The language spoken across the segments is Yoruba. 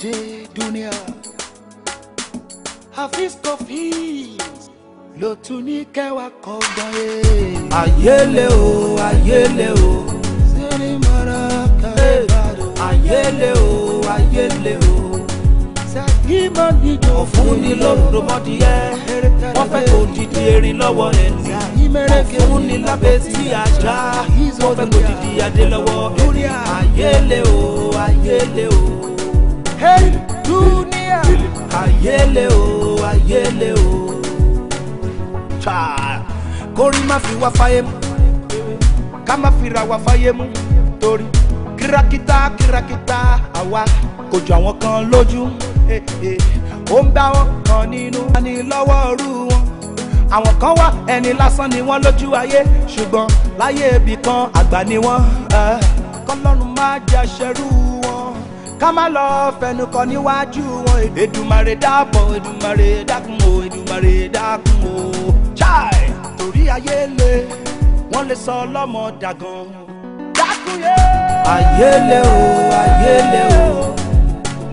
je dunia hafiz kofi ló tún ní kẹwàá kan gbọ́n yé. ayélé o ayélé o. sẹ́ni mara kẹrẹ́ bàdó. ayélé o ayélé o. sàkímọ̀ níjọ. ọ̀fun ni lórúkọ mọ́díyẹ. wọ́n fẹ́ kó dìdì erin lọ́wọ́ ẹni. ọ̀fun ni lábẹ́ tí a wọ́n fẹ́ kó dìdì adé lọ́wọ́ ẹni. ayélé o ayélé o hey dunia ayele o ayele o kórìí má fi wa fáyé mu ká má fi ra wá fáyé mu torí kírakítá kírakítá àwa kò jọ àwọn kan lójú eh, eh. ó ń bá wọn kan nínú ní lọ́wọ́ ọrú wọn àwọn kan wá ẹni lásán ni wọ́n lójú ayé ṣùgbọ́n láyé ibì kan àgbà ni wọ́n eh, kọ́lọ́run má jẹ́ aṣẹ́rú ká má lọ fẹnukọ níwájú wọn Èdùmàrè dábọ̀ Èdùmàrè dákun o Èdùmàrè dákun o chai torí ayé le wọ́n lè sọ ọlọ́mọ dàgàn dákun yé. ayé le o ayé le o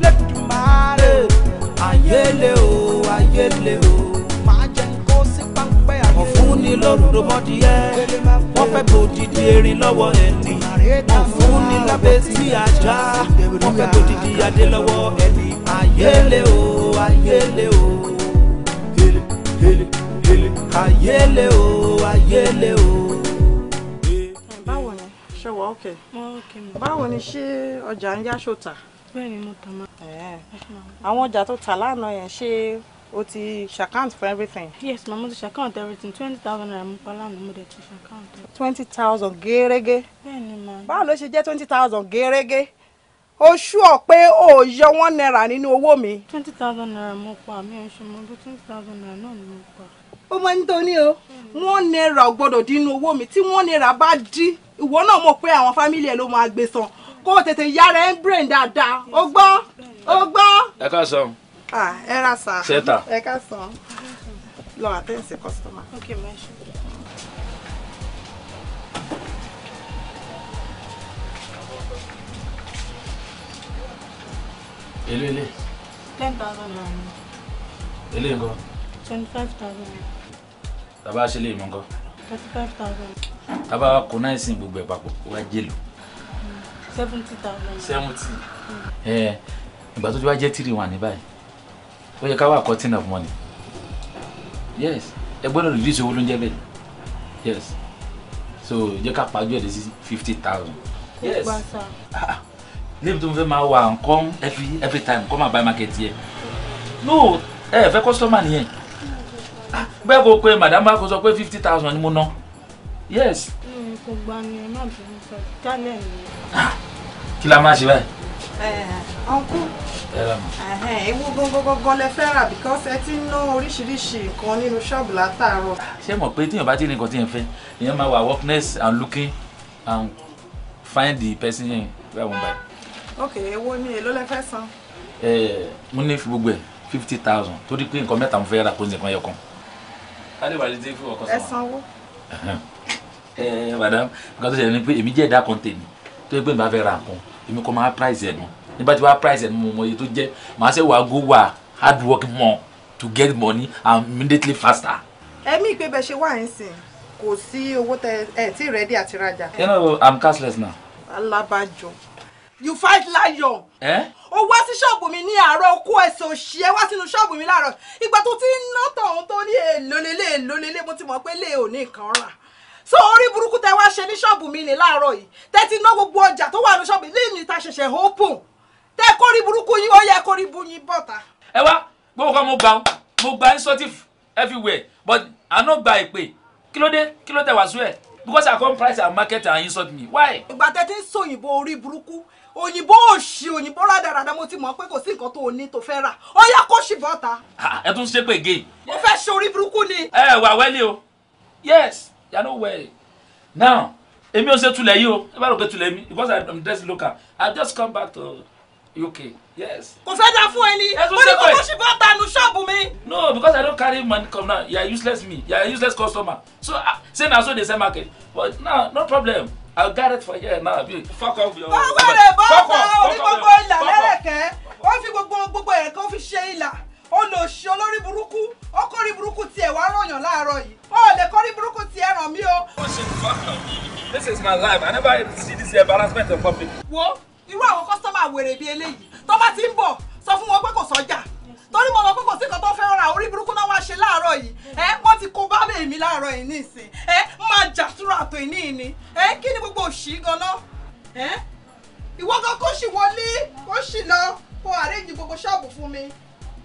lẹ́dùnmáre ayé le o ayé le o ní lórúurú mọ́díẹ́ wọ́n fẹ́ gbòdìdì erin lọ́wọ́ ẹni wọ́n fún ní lábẹ́ sí ajá wọ́n fẹ́ gbòdìdì adé lọ́wọ́ ẹni ayélé o ayélé o ayélé o ayélé o. báwo ni ṣé wọ́n ókè báwo ni ṣé ọjà ń yá ṣòtà. bẹ́ẹ̀ mo tàn mọ́. àwọn ọjà tó tà lánàá yẹn ṣé o ti ṣàkáǹtì for everything. yes mama mo ti ṣàkáǹtì everything twenty thousand naira mo pa lánàá mo dẹ̀ ti ṣàkáǹtì. twenty thousand gẹ́rẹ́gẹ́. bẹ́ẹ̀ni ma. báwo ló ṣe jẹ́ twenty thousand gẹ́rẹ́gẹ́ oṣù ọ̀pẹ ò yọ wọ́n náírà nínú owó mi. twenty thousand naira mo pa mi ò ṣe mo bí twenty thousand naira náà ni mo pa. ó máa ń tó ní o wọ́n náírà ò gbọ́dọ̀ dín inú owó mi tí wọ́n náírà bá dín ìwọ náà mọ̀ pé àwọn fámìlì ẹ̀ ló máa gbé san kó o tètè yára ẹ̀ ń brain dáadáa ó gbọ́ ó gbọ́. ẹ ká ah era ra sa ṣẹta ẹ ká san lọ àtẹ̀sí kọ́sítọ́mà. ok ma ṣe. èlé èlé. ten thousand naira. èlé nǹkan. twenty five thousand naira. tàbá ṣe lè mọ nǹkan. thirty five thousand. tàbá kò náà ìsìn gbogbo ẹ̀ papọ̀ wá jèlò. seventy thousand. seventy. Mm. ẹ ìgbà tó ti wá jẹ́ three one ní báyìí ó yẹ ká wà cutting of money yes ẹ gbọ́dọ̀ reduce owó lóúnjẹ bẹ́ẹ̀ yes so jẹ́ ká pàjọ ẹ̀ sí fifty thousand yes lẹ́yìn tó ń fẹ́ máa wà nǹkan every every time kọ́ máa buy market yẹ no ẹ fẹ́ customer nìyẹn ah, bẹ́ẹ̀ kò pé madam bá kó sọ pé fifty thousand ni mo ná yes. Mm, kò gbani ẹ má bínú sọ jálẹ̀ nìyẹn. kí la máa ṣe báyìí. Eh, ọ̀nkú eh, eh, ewu gangan lẹ fẹ́ rà because ẹ ti ń ná oríṣiríṣi nǹkan nínú ṣọ́ọ̀bù látàárọ̀. ṣé mọ̀ pé tíyàn bá ti rí nǹkan tíyàn fẹ́ ìyẹn máa wà workness and looking and find the person yẹn where i wan buy. ok èwo ni èló lẹ fẹ́ san. mo ní fi gbogbo ẹ fifty thousand torí pé nǹkan mẹ́ta mo fẹ́ rà kó nìkan yẹ kan. kálí wàlí dé fún ọkọ sọ. ẹ sanwó. ẹ madam nǹkan tó ṣẹlẹ̀ ni pé èmi jẹ́ ìdá kan tèmi tó yẹ pé mi bá fẹ́ ra nǹkan èmi kọ́ máa price ẹ̀ nù nígbà tí wàá price ẹ̀ nù mo mọ tó jẹ́ màá ṣe wàá go wà hard work more to get money immediately faster. ẹ̀mí ìpè bẹ́ẹ̀ ṣe wà ń sìn kò sí owó tẹ ẹ tí ready àti rajà. you know i'm cashless now. alábàjọ you fight lion. Eh? o wá sí ṣọ́ọ̀bù mi ní àárọ̀ kó ẹsẹ̀ òṣì ẹ wá sínú ṣọ́ọ̀bù mi láàárọ̀ ìgbà tó ti ń ná tọ̀hún tó ní èlò lélẹ̀ èlò lélẹ̀ mo ti mọ̀ pé lè ò ní nǹkan rà so orí burúkú tẹ wá ṣe ní ṣọ́ọ̀bù mi ní láàárọ̀ yìí tẹ ti ná gbogbo ọjà tó wà ní ṣọ́ọ̀bù ní ìta ṣẹ̀ṣẹ̀ open tẹ kórí burúkú yín ó yẹ kórí bu yín bọ̀ta. ẹ wá gbogbo kan mo gbà mo gbà insultive everywhere but àná gba ìpè kí ló dé kí ló tẹ wá sú ẹ because i come price and market and insult me why. ìgbà tẹ ti ń sọ òyìnbó orí burúkú òyìnbó òṣì òyìnbó rádaràda mo ti mọ̀ pé kò sí nǹkan tó o ní tó fẹ́ rà ó yá kó ṣì bọ́ta. Ah, ẹ tún ṣépè gé. mo fẹ́ ṣe orí burúkú ni. ẹ wà wẹ́lẹ̀ o yes you are no way now èmi ò ṣe tulẹ̀ yìí o ẹ bá rò pé tulẹ̀ mi because I am dressed local I just come back to UK yes. kò fẹ́ da fún ẹni ó ní kókó ṣì bọ́ tanu ṣọ́ọ̀bù mi. no because I don carry money come now you are useless me you are useless customer so uh, ah, say na so dey sell market but now no problem I will get it for here now abi fuck off your. ó wẹ̀rẹ̀ bọ́ọ̀ta orí gbogbo ìlà lẹ́rẹ̀kẹ́ ó fi gbogbo gbogbo ẹ̀kọ́ fi ṣe ìlà olóṣì olórí burúkú ọkọrí burúkú tiẹ̀ wá rànyàn láàárọ̀ yìí ó lè kọrí burúkú tiẹ̀ ràn mí o. this is my life i never see this embarrassment in public. wo irú àwọn kọ́sọ́mà wèrè bíi eléyìí tó bá ti ń bọ̀ sọ fún wọn pé kò sọ́jà torí mo lọ pé kò sí nǹkan tó fẹ́ ra orí burúkú náà wá ṣe láàárọ̀ yìí ẹ wọ́n ti kó bá bèèmí láàárọ̀ yìí nísìn ẹ máa jà túrò àtò ìní ìní ẹ kí ni gbogbo òṣì ganan ẹ ìwọ gan kó sì wọlé kó sì lọ kó àrẹ́jì gbogbo ṣọ́ọ̀bù fún mi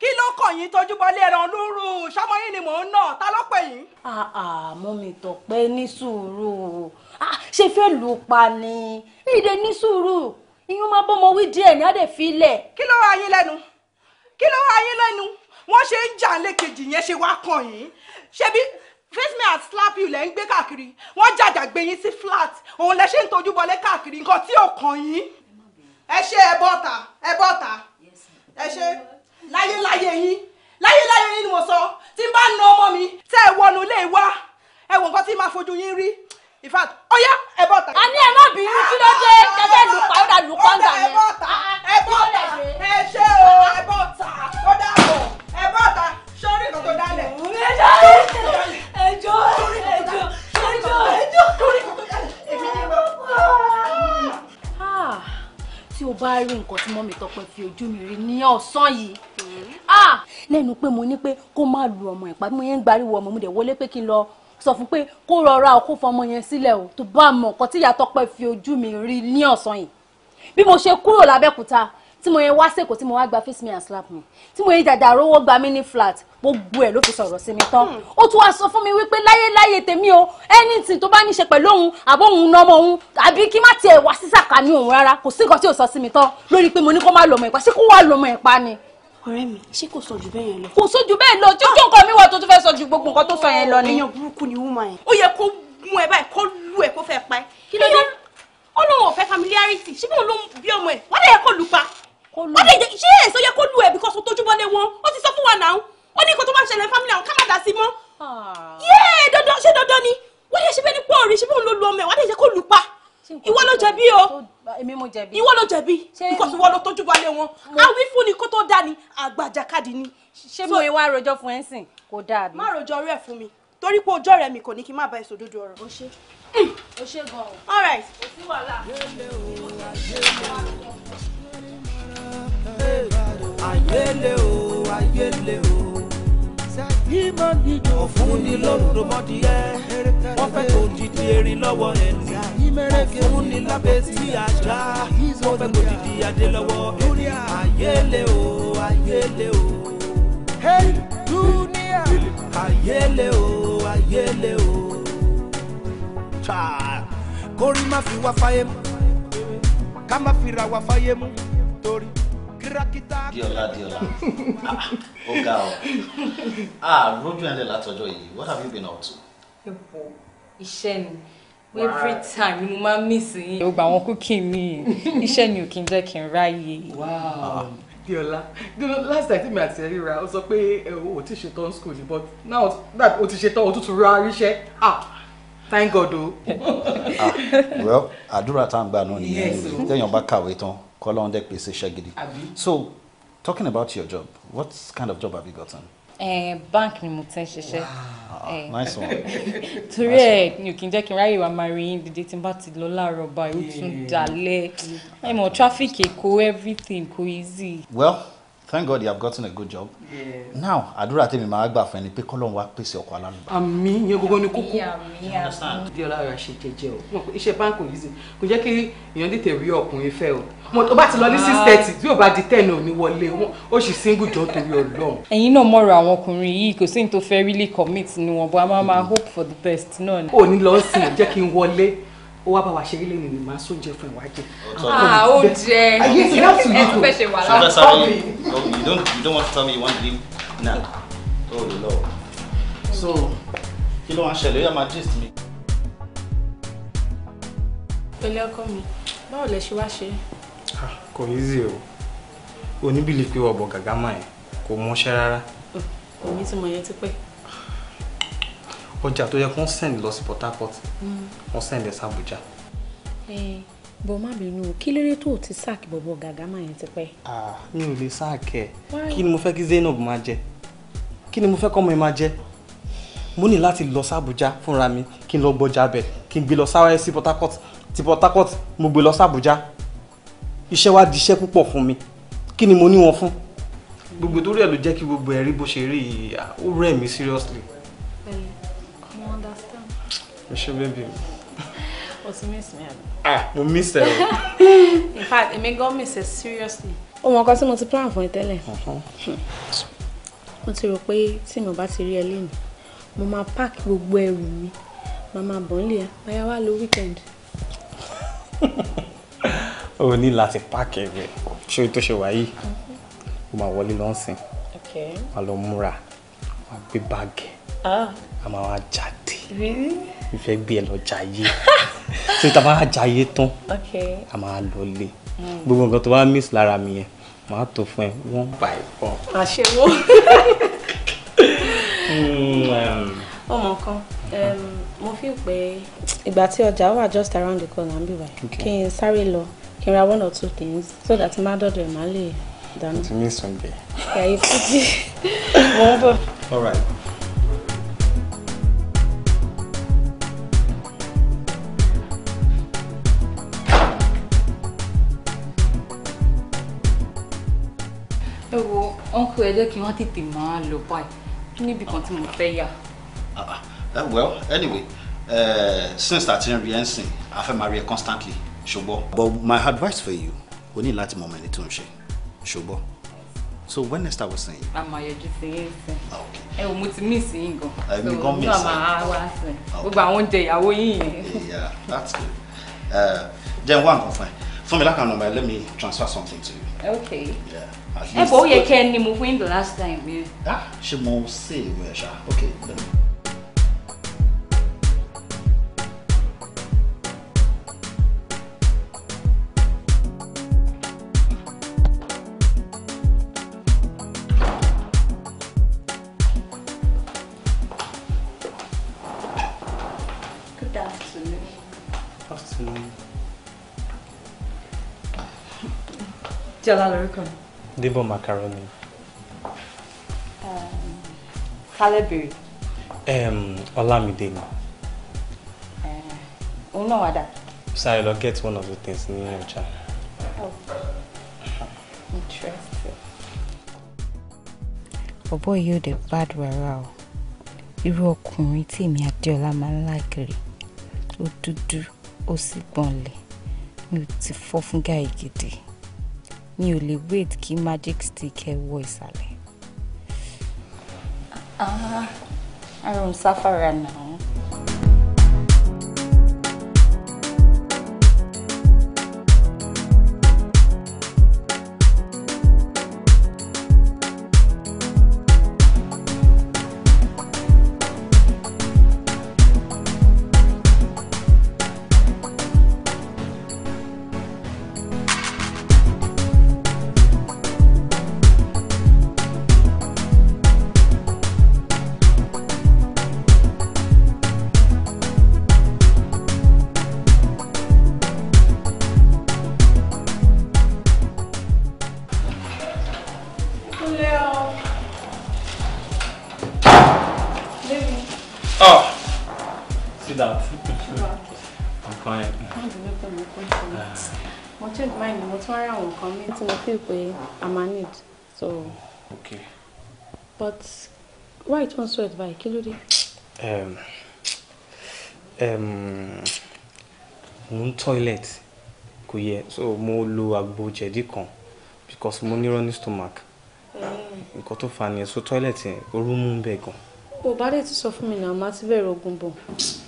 kí ló kàn yín tójú bọ́lé ẹran lóru ṣọmọ yín ni mò ń nà ta ló pè yín. àmọ́ mi Tọ́pẹ́ ní sùúrù ah, ṣe fẹ́ lù ú pa ni ìdè ní sùúrù ìyún máa bọ́mọ wí díẹ̀ ní àdè filẹ̀. kí ló wá yín lẹ́nu kí ló wá yín lẹ́nu wọ́n ṣe ń jà lẹ́kejì yẹn ṣe wá kàn yín ṣebí face me and slap you lẹ́ ń gbé káàkiri wọ́n jàjà gbé yín sí flat òun lẹ ṣe ń tójú bọlé káàkiri nǹkan tí ò kàn yín ẹ ṣe ẹ bọ́ta ẹ bọ́ta ẹ ṣe láyéláyé yín láyéláyé yín ni mo sọ tí n bá na ọmọ mi tẹ́ ẹ wọnú ilé wa ẹ wọ nǹkan tí máa fojú yín rí in fact ọyá ẹ bọ́ ta. a ní ẹ má bínú kí ló dé tẹ́fẹ́ lù pa ó dà lù pọ́ńgà yẹn. Ah, ah, ẹ bọ́ ta ẹ bọ́ ta ẹ ṣe o ẹ bọ́ ta ó dà bọ̀ ẹ bọ́ ta sórí nǹkan tó dálẹ̀. ẹjọ́ ẹjọ́ ẹjọ́ ẹjọ́ ẹjọ́ sórí nǹkan tó dálẹ̀ èmi ni mo. tí o bá rí nǹkan tí mọ́mí Tọ́pẹ́ fi ojú mi rí ní ọ̀sán yìí lẹ́nu pé mo ní pé kó má lu ọmọ ẹ̀ pàbí mo yẹn ń gbariwo ọmọ mo dẹ̀ wọlé pé kí n lọ sọ fún pé kó rọra kó fọmọ yẹn sílẹ̀ o tó bá mọ̀ nǹkan tí ìyá Tọ́pẹ́ fi ojú mi rí ní ọ̀sán yìí bí mo ṣe kúrò lábẹ́kúta tí mo yẹn wá sèkó tí mo wá gba face me and slap me tí mo yẹn dàdà rówó gba mí ní flat gbogbo ẹ ló fi sọ̀rọ̀ sí mi tán hmm. ó tún wá sọ fún mi wípé láyéláyé tèmi o anything tó bá ní ṣe pẹ̀lú òun àbó òun nọmọ òun àbí kí má tiẹ̀ wá sísàkà ní òun rárá kò sí nǹkan tí ò sọ sí mi tán lórí pé mo ní kó má lọ́mọ ẹ̀pá ṣé kó wá lọ́mọ ẹ̀pá ni ọ̀rẹ́ mi ṣé kò sọ jù bẹ́ẹ̀ yẹn lọ. kò sọ jù bẹ́ẹ̀ lọ tí ojú nǹkan mi wà tó tún fẹ́ sọ ju gbogbo nǹkan tó sọ yẹn lọ ni. èèyàn burúkú ni wúma yẹn. ó yẹ kó mú ẹ báyìí kó lù ẹ kó fẹ́ pa ẹ. kí ló dé. ó lóun ò fẹ́ familiarity ṣé bóun ló ń bí ọmọ ẹ wọ́n lè yẹ kó lù pa. wọ́n lè ṣé ẹ̀ sọ yẹ kó lù ẹ bí kò sọ tójú bọ́lé wọn ó ti sọ fún wa náà ó ní nǹkan tó bá ṣẹlẹ̀ family àwọn ká má dá sí mọ́. Ah. yéé dandan ṣé dandan ni wọ́n lè ṣe bẹ́ẹ̀ ní pọ́ọ̀rì ṣé bóun ló lu ọmọ ìwọ ló jẹ̀bi o ìwọ ló jẹ̀bi because ìwọ ló tójú balẹ̀ wọn àwí fún ni kó tó dá ni àgbàjàkadì ni. ṣé mo yẹ wá rojọ́ fún ẹ sìn kó dáa bí. má rojọ́ rẹ̀ fún mi torí pé ojú ọ̀rẹ́ mi kò ní kí n má bá èso dúdú ọ̀rọ̀. o ṣe hmm. o ṣe gan o. all right. kò sí wàhálà. ayéle o ayéle o yìí máa yíjọ. òfun ni lórúkọ mọ́díyẹ wọ́n fẹ́ kó dìdí erin lọ́wọ́ ẹni. òfun ni lábẹ́ tí ajá wọ́n fẹ́ kó dìdí adé lọ́wọ́ ẹni. ayéle o ayéle o. hey dunia. ayéle o ayéle o. kórìí má fi wá fáyé mu ká má fi ra wá fáyé mu torí. Diola, Diola. ah, oh, girl. Ah, Roju and Lela Tojo, what have you been up to? Epo, iṣẹ́ ni. Every time ni mo máa ń miss yín. Ó gba àwọn cooking mi. Iṣẹ́ ni ò kí ń jẹ́ kí n ráyè. Wow. Ah. Diola, last time mi àti ẹ̀rí ra, ó sọ pé o ò ṣe tán school ni, but now that o ti ṣe tán, o tún tún ra ríṣẹ́. Ah, thank God o. ah, well, àdúrà tá à ń gbà náà nìyẹn. Téèyàn bá kàwé tán kọ́lọ́run dẹ́ pèsè iṣẹ́ so talking about your job what kind of job have you gotten. Uh, eh, bank ni mo ti ń ṣiṣẹ́. Eh. Ah, nice one. torí ẹ mi ò kí n jẹ́ kí n ráyè wá máa rí yín dídé tí n bá ti lọ láàárọ̀ báyìí ó tún dalẹ̀ ẹ mọ̀ traffic Èkó everything kò easy. well thank God you have gotten a good job. Yeah. now àdúrà tèmi máa gbà fún ẹni pé kọ́lọ́n wa pèsè ọkọ̀ alálùbá. àmì yẹn gbogbo ni kókó di ọlára ṣe jẹ́jẹ́ o iṣẹ́ báńkì yìí kò jẹ́ kí èèyàn tètè rí ọkùnrin fẹ́ o mo tó bá ti lọ ní six thirty tí ò bá di ten ò ní wọlé ó sì single jọ torí Ọlọ́run. ẹ̀yin náà mọ̀rọ̀ àwọn ọkùnrin yìí kò sí ní tó fẹ́ really commit ni wọn bó a máa máa mm-hmm. hope for the best náà. ò ní lọ sí jẹ́ kí n wọlé ó wá bá wa ṣeré lẹ́nu ìrìn máa sóúnjẹ fún ìwà jẹ. ah ó jẹ ayé ti láti yí kò ṣe wà lára. so you don't you don't want to tell me you want to leave now. oh no. so kí ló wá ṣẹlẹ̀ ó yà máa gist mi. pẹ̀lẹ́ ọkọ mi báwo lẹ ṣe wá ṣe. Ah, kò easy o oníbìlì pé ọ̀bọ̀ gàgámà ẹ̀ kò mọṣẹ́ rárá. òní tí mo yẹ ti pẹ́ ọjà tó yẹ kó ń send lọ sí Port Harcourt mm. wọ́n send ẹ̀ sàbújá. Eh, bọ́ má bínú kí lérè tó ti sáàkì bọ̀bọ̀ gàgá máa yẹn ti pẹ́. mi ò lè sáàkì ẹ kí ni mo fẹ́ kí Zainab máa jẹ kí ni mo fẹ́ kọ́mọ ẹ máa jẹ mo ní láti lọ sàbújá fúnra mi kí n lọ gbọjà bẹ kí n gbé lọ sáré sí Port Harcourt ti Port Harcourt mo gbé lọ sàbújá iṣẹ́ wa di iṣẹ́ púpọ̀ fún mi kí ni mo ní wọn fún mm. gbogbo torí ẹ̀ ló jẹ́ kí gbogbo ẹ̀ rí bó ṣe rí ó rẹ̀ mí seriously ẹ ṣe bẹ́ẹ̀bì mi. o miss me ah we miss ẹ in fact may go miss ẹ seriously. Oh, my God! tí mo ti plan fún ẹ tẹ́lẹ̀ mo ti rò pé tí mo bá ti rí ẹ lónìí mo máa pack gbogbo ẹrù mi màá máa bọ̀ nílé ẹ báyà wá lo weekend. o ní láti pack ẹ̀rẹ̀ ṣé o tó ṣe wáyé o mm-hmm. máa wọlé lọ́sìn wà lọ múra wà gbé báàgì ah. a máa wá jáde. Really? fífẹ́ gbé ẹ lọ jayé tí ta bá jayé tán a máa lọ lé mm. gbogbo nǹkan tó bá miss lára mi yẹn màá tó fún ẹ one by one. àṣewó ọmọ mm, um. kan um, mo fi pé ìgbà tí ọjà wà just around the corner níbí báyìí kí n sáré lọ kí n ra one or two things so that má dọ̀dọ̀ ẹ̀ má lè dáná. ti miss oúnjẹ. ẹ̀yà ikú tí mo ń bọ̀. all right. pé ẹ kí wọ́n tètè máa lọ báyìí níbi kan tí mo fẹ́ yà. Ah, ah, eh, well anyway uh, since that in riensin i fẹ́ marry her constantly ṣùgbọ́n. but my advice for you o ní láti mọ ọmọ ẹni tó ń ṣe ṣùgbọ́n so when next i was saying. àmàyẹ̀jú sí yín sí. Ah, ẹ ò mo ti mí sí yín gan. èmi eh, gan mí sí. so àmà wá sí. gbogbo àwọn oúnjẹ ìyàwó yín yẹn. yeah that's good. jẹ́ n wá nǹkan fún ẹ fún mi lákàánú ọmọ ẹ let me transfer something to you okay ẹ bọ̀ ó yẹ kẹ́ ẹ ni mo fún yín the last time. Yeah. Ah, she mo say ìwé ẹ̀ṣá okay. Cool. Stella lórúkọ mi. Débọ̀ Macaroni. Kálẹ̀bìrì. Ọlámidé ni. Òun náà wà Sorry, I'll get one of the things in your chat. Oh, interesting. Bọ̀bọ̀ the bad rárá o. Irú ọkùnrin tí èmi Adéọlá máa ń láìkiri. Ó dúdú, ó sì gbọ̀nlẹ̀. Mi ò ti fọ́ fún gáì gidi mi ò lè wait kí magic stick ẹ wọ ìsàlẹ̀. ah aaron safari now. feel pé i'm a need so. okay. but why tó ń sweat by báyìí kí Um, um, mo ń toilet kò yẹ so mo lo àgbo jẹ̀dí kan because mo ní running stomach mm. nǹkan tó fa ni so toilet yẹn ooru mú un bẹ̀ gan. o bá dẹ̀ ti sọ fún mi náà má ti bẹ̀rẹ̀ ogun bọ̀.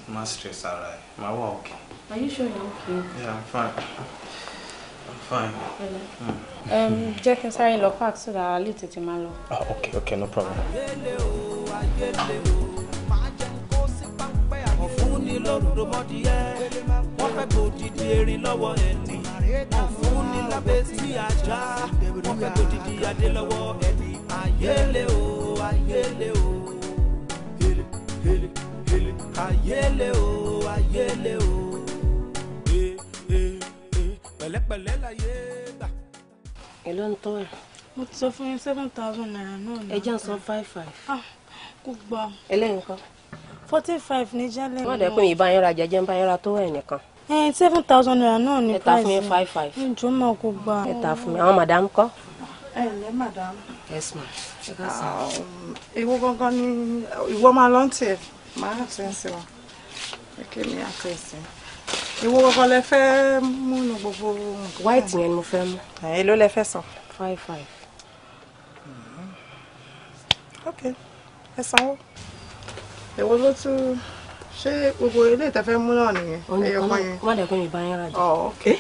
má stress ara ẹ má wà okay. are you sure you're okay. yeah i'm fine fine. Um, jẹ́ kí n sáré lọ park so that alẹ́ tètè máa lọ. Ah, okay, okay, no problem. ọ̀fun o ayélé o pẹ̀lẹ́pẹ̀lẹ́ láyé gbà. ẹ ló ń tọ́ ẹ̀. mo ti sọ fún yín seven thousand naira náà ni. ẹ jẹ́ ń five five. Ah, kò gbà. ẹlẹ́yin kan. forty five ní jálẹ̀ mi. wọ́n dẹ́kun yìí bá yín ra jẹjẹ́ ń bá yín ra tó ẹ̀ nìkan. ẹ seven thousand naira náà ni price. ẹ ta fún yín five five. ǹjọ́ máa kò gbà. ẹ ta fún mi àwọn madam kọ́. ẹ ǹlẹ́ madam. yes ma. Ah, ìwọ gangan ni ìwọ máa lọ́ntì ẹ̀ máa ń sẹ́ńsì wa. ẹ kí ni àkọ́ ìsìn ìwọ kankan lẹ fẹ́ mú nu gbogbo nǹkan. white yẹn ni mo fẹ́ mú. ẹ ló lẹ fẹ́ san. five five. Mm-hmm. ok ẹ sanwó. èwo ló tún ṣé gbogbo ilé ìtẹ́fẹ́ mú náà nìyẹn. ẹyọ kan yẹn. wọ́n dẹ̀kun ìbá yẹn rajà. ọ̀ oh, ok. kí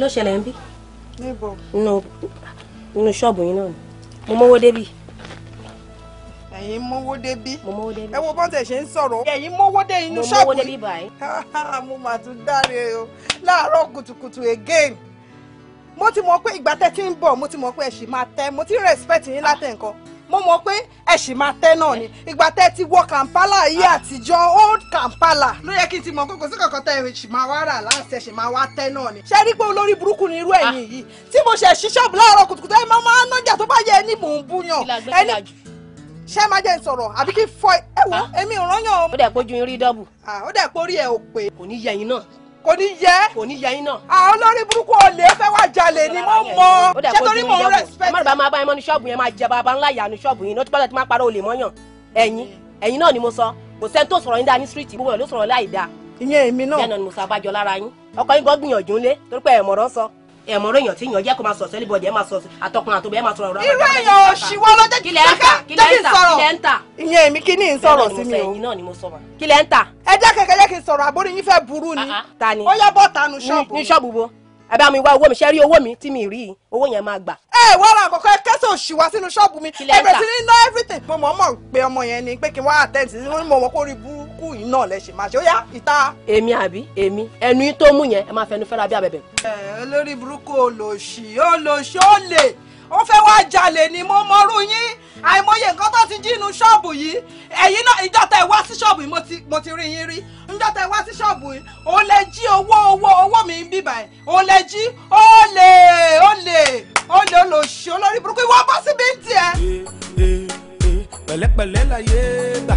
ló ṣẹlẹ̀ ń bí. níbo. nínú ṣọ́ọ̀bù yín náà ni mo mówó débì ẹ̀yin mówó débí. mo mówó débí. ẹ wo bọ́n tẹ̀ ṣe ń sọ̀rọ̀. ẹ̀yin mówó dé inú ṣọ́ọ̀bù. mo mówó débí báyìí. mo mà tún dáre o láàárọ̀ kùtùkùtù again. mo ti mọ̀ pé ìgbà tẹ́ ti ń bọ̀ mo ti mọ̀ pé ẹ máa tẹ́ mo ti respect yín látẹ̀ nǹkan mo mọ̀ pé ẹ ṣì máa tẹ́ náà ni eh. ìgbà tẹ́ ti wọ Kampala yìí ah. àtijọ́ old Kampala ló yẹ kí n ti mọ̀ kókò sí kankan tẹ́ ẹ ṣì máa wá rà láti ẹ ṣì máa wá tẹ́ náà ni. ṣé rí pé olórí burúkú ni irú ẹ̀yin ah. yìí tí mo ṣe ṣí ṣọ́ọ̀bù láàárọ̀ kùtùkùtù ẹ máa máa nájà tó bá yẹ ẹni mò ń búyàn ẹni ṣé má jẹ́ sọ̀rọ̀ àbí kí fọ ẹ wo ah. èmi ò rányàn o. ó dẹ̀ pójú rí dọ́bù. ó dẹ̀ pórí ẹ̀ ò pé. kò ní yẹ yín náà. kò ní yẹ. kò ní yẹ yín náà. àwọn olórí burúkú olè fẹ́ wá jalè ni mo mọ. ó dẹ̀ pójú rí dọ́bù. má bàa máa bá yín mọ́ ní ṣọ́ọ̀bù yẹn máa jẹ bàbá ńlá ìyá ní ṣọ́ọ̀bù yẹn lọ́tí pàtàkì máa parọ́ olè mọ́yàn. ẹ̀yin ẹ̀yin náà mo sọ kò sẹ́ni tó sọ̀rọ̀ yín dáa ní street gbogbo ẹ̀ ló sọ̀rọ̀ láì dáa. ìyẹn èmi ni mo sọ abájọ lára yín ọkọ ẹ̀mọ́ rẹ̀ yàn tí yàn jẹ́ kó máa sọ̀rọ̀ sẹ́lẹ̀ bọ̀dẹ̀ ẹ̀ máa sọ̀rọ̀ àtọkùn àtọbẹ̀ ẹ̀ máa sọ̀rọ̀ ọ̀rọ̀. irú èèyàn òṣìwọ́ ló jẹ́ kí lẹ́ ń tà kí lẹ́ ń tà. ìyẹn èmi kí ni ń sọ̀rọ̀ sí mi o. ìyẹn náà ni mo sọ wa. kí lẹ́ ń tà. ẹ jẹ́ kẹ̀kẹ́ jẹ́ kí n sọ̀rọ̀ àbórí yín fẹ́ burú ni. Ah, ah. ta ni ó yá bọ́ tanu ṣọ́ọ̀bù. ní ṣọ́ọ̀bù bo ẹ bá mi wá owó mi ṣe rí owó mi tí mi rí owó yẹn máa gbà. ẹ wọ́n ra àkọ́kọ́ kẹ́sàn-án sínú ṣọ́ọ̀bù mi ẹ sí ní ná everything. mo mọ̀ mọ̀ pé ọmọ yẹn ni pé kí wọ́n àtẹ̀ǹtì mo mọ̀ kó rí burú kú yìí náà lẹ ṣe máa ṣe ó yá ìta. èmi àbí èmi ẹnu yín tó mú yẹn ẹ máa fẹnu fẹ́ra bí abẹ̀bẹ̀. ẹ olórí burúkú olòṣì olòṣì ó lè ó fẹ́ wá jalè ni mo mọrú yín àìmọye nǹkan tó ti jí inú ṣọ́ọ̀bù yìí ẹ̀yin náà ìjọ tẹ̀ wá sí ṣọ́ọ̀bù yìí mo ti rí yín rí ìjọ tẹ̀ wá sí ṣọ́ọ̀bù yìí ó lè jí owó owó owó mi ń bíbà ẹ̀ ó lè jí ó lè ó lè ó lè olòṣì olórí burúkú ìwọ bọ́ síbi ń tiẹ̀. pẹ̀lẹ́pẹ̀lẹ́ láyé gbà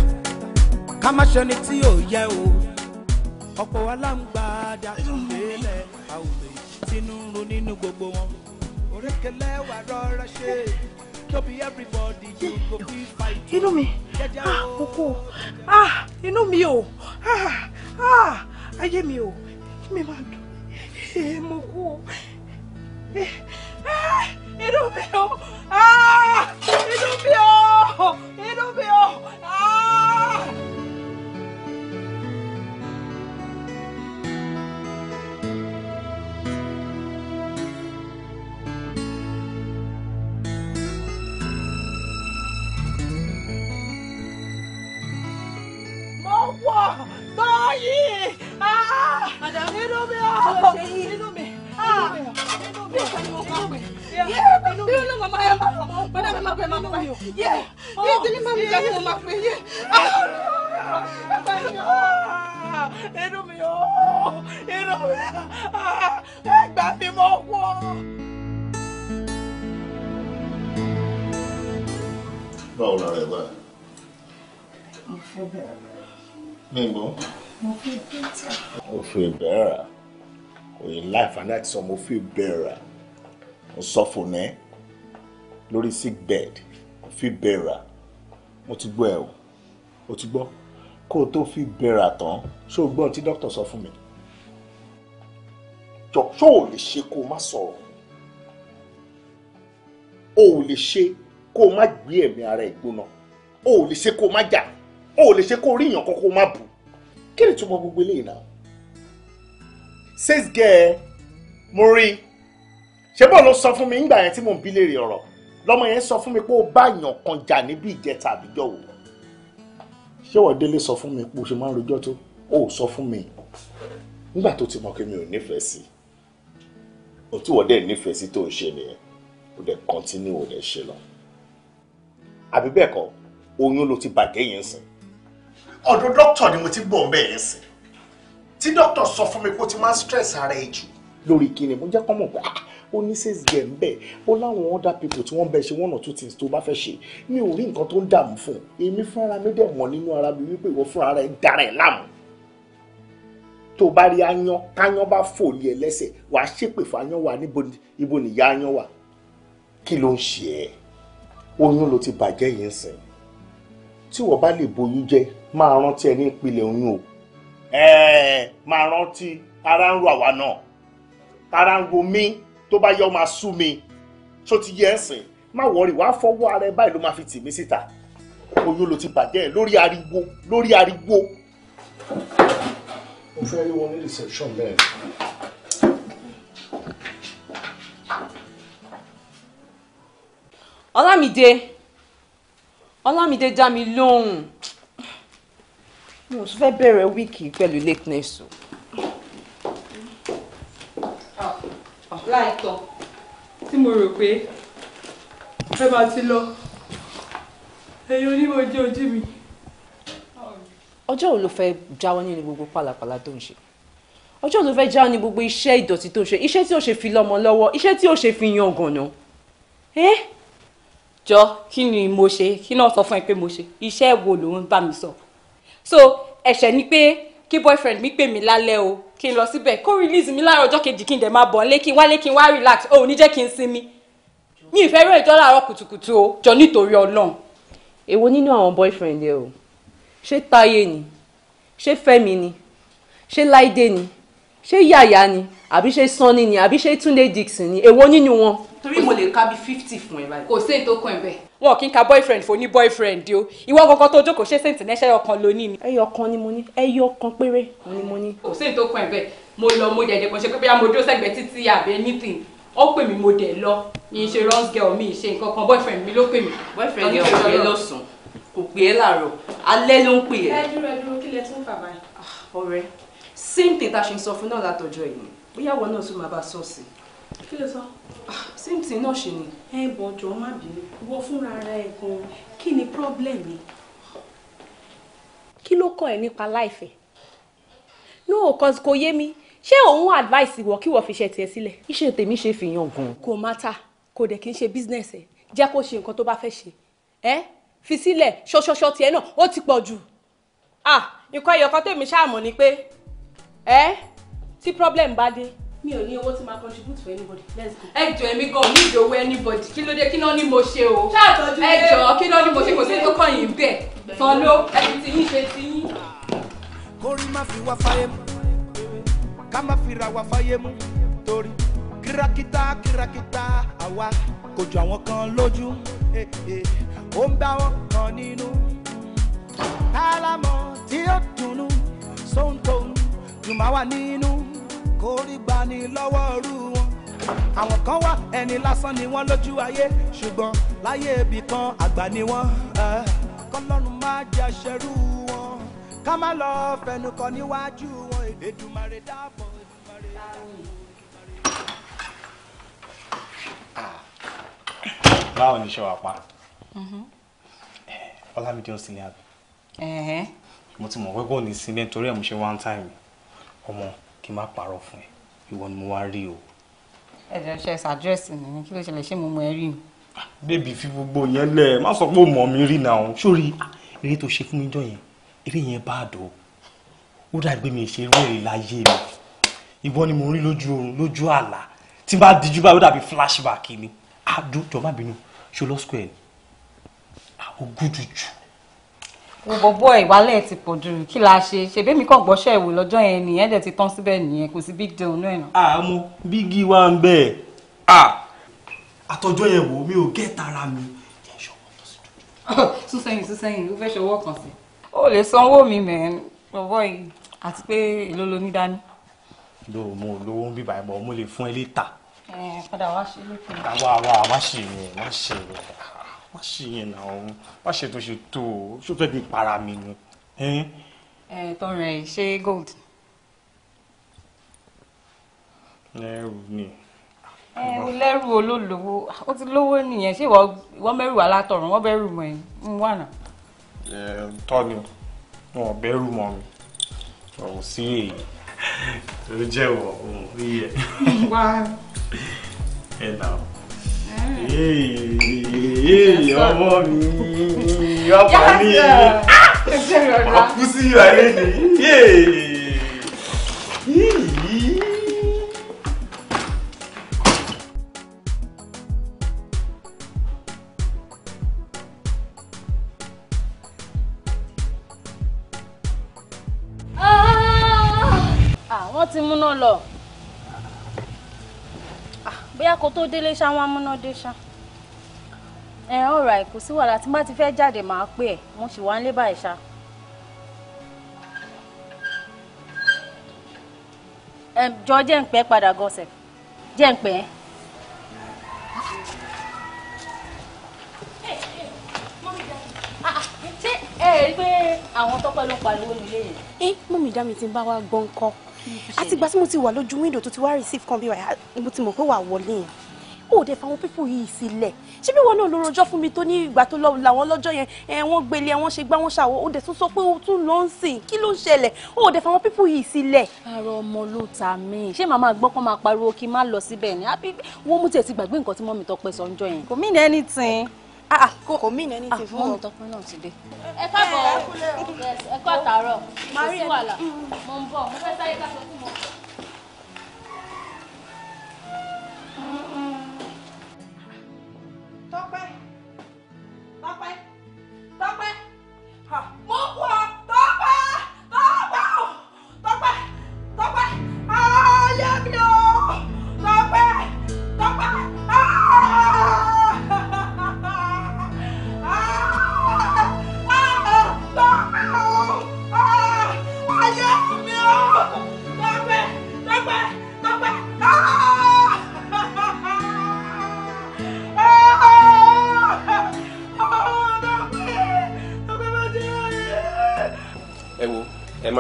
ká má ṣẹni tí ò yẹ o ọ̀pọ̀ wa láǹgbà dàtúndélẹ̀ àwùjọ tínú ń ro nínú gbogbo wọn òrékelẹ́ wà rọra ṣe tóbi everybody you go fit fight. inú mi ah kókó ah inú mi o ah ah ayé mi o mi máa dùn ẹ eh, mo kú o eh, ah, inú mi o ah inú mi o inú mi o ah. Inú mi ooo, inú mi, ẹ gbà mí mọ́ wọ́. Báwo la rẹ̀ báyìí? Mo fẹ́ bẹ̀rẹ̀. Mi gbọ́. Mo fẹ́ bẹ̀rẹ̀. Mo fẹ́ bẹ̀rẹ̀ in life and that some of you bearer mo sọ fún ẹ sick bed mo fi bearer mo ti gbọ́ ẹ o o ti gbọ́ kó o tó fi bearer tán ṣé o gbọ́ tí dókítà sọ fún mi jọ ṣó o lè ṣe kó o má sọ̀rọ̀ o ò lè ṣe kó o má gbé ẹ̀mí ara ẹ̀ gbóná o ò lè ṣe kó o má jà o ò lè ṣe kó o rí èèyàn kan kó o má bù kí ni tó mọ gbogbo eléyìí náà six girl mo rí i ṣé bọ́ọ̀ ló sọ fún mi nígbà yẹn tí mò ń bí léèrè ọ̀rọ̀ lọ́mọ yẹn sọ fún mi pé ó bá yàn kan jà níbi ìjẹta àbíjọ wò ṣé wọ́n délé sọ fún mi pé o ṣe máa ń rojọ́ tó o ò sọ fún mi nígbà tó ti mọ̀ pé mi ò nífẹ̀ẹ́ sí o tí wọ́n dẹ̀ nífẹ̀ẹ́ sí tó ń ṣe nìyẹn o dẹ̀ kọ́ntínú o dẹ̀ ṣe lọ àbí bẹ́ẹ̀ kọ́ oyún ló ti bàjẹ́ yẹn sìn ọ̀dọ̀ dókítà ni mo ti gbọ̀ bẹ́ẹ̀ yẹn sìn tí dókítà sọ fún mi pé ti máa stress ara ẹ̀ jù lórí kíni mo jẹ́ kọ́ mọ̀ pé ah, ó ní sèse gẹ̀ ń bẹ̀ ó láwọn other people tí wọ́n bẹ ṣe one or two things tó bá fẹ́ ṣe mi ò rí nǹkan tó ń dààmú fún un èmi fúnra mi dẹ̀ wọ̀n nínú ara mi wípé ìwọ fúnra rẹ̀ ń dara ẹ̀ láàmú tó bá rí ayan káyan bá fò lé ẹ wàá ṣépè fún ayan wa níbo ibo nìyá ayan wa kí ló ń ṣe ẹ́ oyún ló ti bàjẹ́ yẹn sìn tí wọ́n bá lè boyún jẹ́ máa rántí ẹni ìpìlẹ̀ oyún o máa rántí ara ń ro àwa náà ara ń ro mí tó bá yẹ ọ máa sú mi tó ti yẹ ẹ sìn má wọrí wàá fọwọ́ ara ẹ báyìí ló máa fi tì mí síta oyún ló ti bàjẹ́ lórí ariwo lórí ariwo. mo fẹ́ rí wọn ní reception bẹ́ẹ̀. Ọlámídé Ọlámídé dá mi lóhùn mo sì fẹ́ bẹ̀rẹ̀ wíìkì pẹ̀lú lateness o. láìtọ́ tí mo rò pé ẹ máa ti lọ ẹ̀yin onímọ̀ ojú ojú mi. ọjọ́ wo ló fẹ́ jáwọ́ nínú gbogbo pàlàpàlà tó ń ṣe ọjọ́ ló fẹ́ jáwọ́ ní gbogbo iṣẹ́ ìdọ̀tí tó ń ṣe iṣẹ́ tí ó ṣe fi lọ́mọ lọ́wọ́ iṣẹ́ tí ó ṣe fi yan gànà. jọ kí ni mo ṣe kí náà sọ fún ẹ pé mo ṣe iṣẹ́ wo ló ń bá mi sọ so ẹ̀ṣẹ̀ ni pé kí boyfriend mi pè mí lálẹ́ o kí n lọ síbẹ̀ kó release mi láàárọ̀ ọjọ́ kejì kí n dẹ̀ máa bọ̀ ń lé kí n wálé kí n wá relax o ò ní jẹ́ kí n sinmi mi ì rẹ̀ ìjọ́ láàárọ̀ kùtùkùtù o jọ nítorí ọlọ́run. èwo nínú àwọn boyfriend ẹ o ṣé táyé ni ṣé fẹ́mi ni ṣé láìdé ni ṣé yàyà ni àbí ṣé sanni ni àbí ṣé túndé dixon ni èwo nínú wọn. torí mo lè ka bí fifty fún ẹ báyìí. kò sí ètò kan ẹ bẹ́ẹ̀ wọn kì í ka boyfriend fò ní boyfriend o ìwọ gangan tó jókòó ṣe sèǹtì nẹ́ṣẹ́ ọkàn lónìí ni. ẹyọ kan ni mo ní ẹyọ kan péré ni mo ní. kò sí ní tó kàn ẹ bẹ́ẹ̀ mo lọ mo dẹ̀dẹ̀ kan ṣe pé bóyá mo dúró sẹ́gbẹ̀ẹ́ títí àbí anything ó pè mí mo dẹ̀ lọ mi ṣe runs girl mi ṣe nǹkan kan boyfriend mi ló pè mí. boyfriend yẹn ò pè é lọ́sàn-án kò pè é láàárọ̀ alẹ́ ló ń pè é. ẹ dúró ẹ dúró kí lẹ tún fà báyìí. Ah, ọ̀rẹ́ same thing ta ṣe ń sọ fún náà látọjọ́ yìí bóyá wọn náà tún máa bá sọ́ọ̀sì. kí same thing náà ṣe ni. ẹ bọ̀jọ̀ má bínú wọ fúnra ara ẹ gan kí ni problem yìí. kí ló kọ́ ẹ nípa láìfẹ́ no cause kò yé mi ṣé òun advice wọ kí wọ́n fi ṣe tiẹ̀ sílẹ̀. iṣẹ́ tèmi ṣe fi yan gan. kò mátà kò dẹ̀ kí n ṣe business ẹ̀ jẹ́ kó ṣe nǹkan tó bá fẹ́ ṣe ẹ́ fi sílẹ̀ ṣọṣọṣọ tiẹ̀ náà ó ti pọ̀ jù. ah nǹkan ẹ̀yọ̀kan tèmi ṣáà mọ̀ ni pé ẹ́ tí problem bá dé mi ò ní owó tí máa contribute for anybody let's go. ẹ jọ èmi gan ní ìdòwò anybody kí ló dé kí náà ni mo ṣe o. ṣáàtọ́jú ẹ jọ kí náà ni mo ṣe kò sí tó kàn yín bẹ́ẹ̀ tán ló ẹni tí yín ṣe ti yín. kórí má fi wá fáyé mu ká má fi ra wá fáyé mu torí kírakítá kírakítá àwa kò jọ àwọn kan lójú eh, eh, ó ń bá wọn kan nínú tálámọ tí ó dùnnú sóńtòun jùmọ̀ wà nínú kó rí gbani lọ́wọ́ irú wọn àwọn kan wà ẹni lásán ni wọ́n lójú ayé ṣùgbọ́n láyé ibì kan àgbà ni wọ́n kọ́lọ́run má jẹ́ ṣerú wọn ká má lọ fẹnukọ níwájú wọn Èdùmàrè dáàbò Èdùmàrè dáàbò. báwo ni ṣe wà pa mm-hmm. ọlámídé ọsìn ni àbí mo ti mọ̀ pé ní sinmi nítorí ẹ̀ mo ṣe one time ọmọ kí n má parọ́ fún ẹ ìwọ ni mo wá rí o. ẹ jẹ́ ṣe ṣàdírẹ́sì mi kí ló ṣẹlẹ̀ ṣé mo mọ ẹ rí mi. Ah, bébì fi gbogbo yẹn lẹ má sọ pé ó mọ̀ mi rí náà sórí ah, eré tó ṣe fún mi jọ yẹn eré yẹn bá àdó ó dàgbé mi ṣe irú èrè láyé mi ìwọ ni mo rí lójú oorun lójú àlá tí n bá díjú báyìí ó dàbí flashback ni àdó ah, má bínú ṣọlọ́ square ni ó jù jù wo bọ̀bọ̀ ìwálẹ̀ ti pọ̀ jù kí la ṣe ṣebí mi kàn gbọ́ṣẹ́ ìwò lọ́jọ́ yẹn nìyẹn dẹ̀ ti tán síbẹ̀ nìyẹn kò sí big deal náà. àmọ́ bígì wa ń bẹ àtọjọ́ yẹn wò mí ò gẹ́ta ara mi jẹ́ ìṣọwọ́ kan sí dúdú. súnsẹ́yìn súnsẹ́yìn ló fẹ́ ṣọwọ́ kan sí. o lè sanwó mi mẹ́ bọ̀bọ̀ yìí àti pé èló lo ní dání. lo mo lówó ń bíbá ẹ̀ mọ́ mo lè fún ẹ lítà. ẹ padà wá ṣe é lókè. àwa àwa àwa ṣe é má ṣe yẹn náà ọ̀hún má ṣe tó ṣe tó o ṣó fẹ́ bí para mi ni. ẹ tọrọ ẹ ṣe gold. lẹ́rù ni. ẹ lẹ́rù olólùwò ó ti lówó nìyẹn ṣé ìwọ mẹ́rù wà látọ̀run wọ́n bẹ́rù mọ́ ẹ ń wà náà. ẹ tọ́ ni wọn ò bẹ́rù mọ́ mi ọ̀hún sí èyí ló jẹ́wọ́ ohun rí ẹ. wá ẹ náà. Hey, ọmọ mi ọkọ mi ah! àkúsí ìrọ̀lẹ́ ni. kó tó délé ṣá wọn amúnádé ṣá ẹ ọ̀rọ̀ àìkú sí wàhálà tí n bá ti fẹ́ jáde màá pè ẹ́ mo sì wá nílé báyìí ṣá. ẹ jọ jẹ́ ń pẹ́ padà gọ́sẹ̀ jẹ́ ń pẹ́. ṣé ẹ rí i pé àwọn tọ́pẹ́ ló ń pariwo nílé yẹn. ẹ mú mi dá mi ti bá wa gbọ́ kọ́ àti ìgbà tí mo ti wà lójú wíńdò tó ti wá receive kan bí wà mo ti mọ̀ pé wà wọlé yẹn ó dẹ̀ fáwọn pípù yìí sílẹ̀ ṣé bí wọn náà ló rojọ́ fún mi tó ní ìgbà tó làwọn lọ́jọ́ yẹn ẹ wọ́n gbélé ẹ wọ́n ṣe gbá wọ́n ṣàwọ́ ó dẹ̀ tún sọ pé ó tún lọ ń sìn kí ló ń ṣẹlẹ̀ ó dẹ̀ fáwọn pípù yìí sílẹ̀. ààrẹ ọmọ ló ta mí ṣé màmá gbọ́ kán máa pariwo kí n má lọ síbẹ̀ ni wọ́n mú tiẹ̀ ti gbàgbé nǹkan tí mọ́mì Tọ́pẹ́ sọ ń yẹn. kò mí ní anything. Ah, ah kò mí nẹ́ni ti ah, fún ọ. tọpẹ náà ti dé. ẹ yes. ẹ kọ́ àtàárọ̀ kò sí wàhálà mm. mo ń bọ̀ mo fẹ́ sáré ká sọ fún mọ. tọpẹ tọpẹ tọpẹ mo kú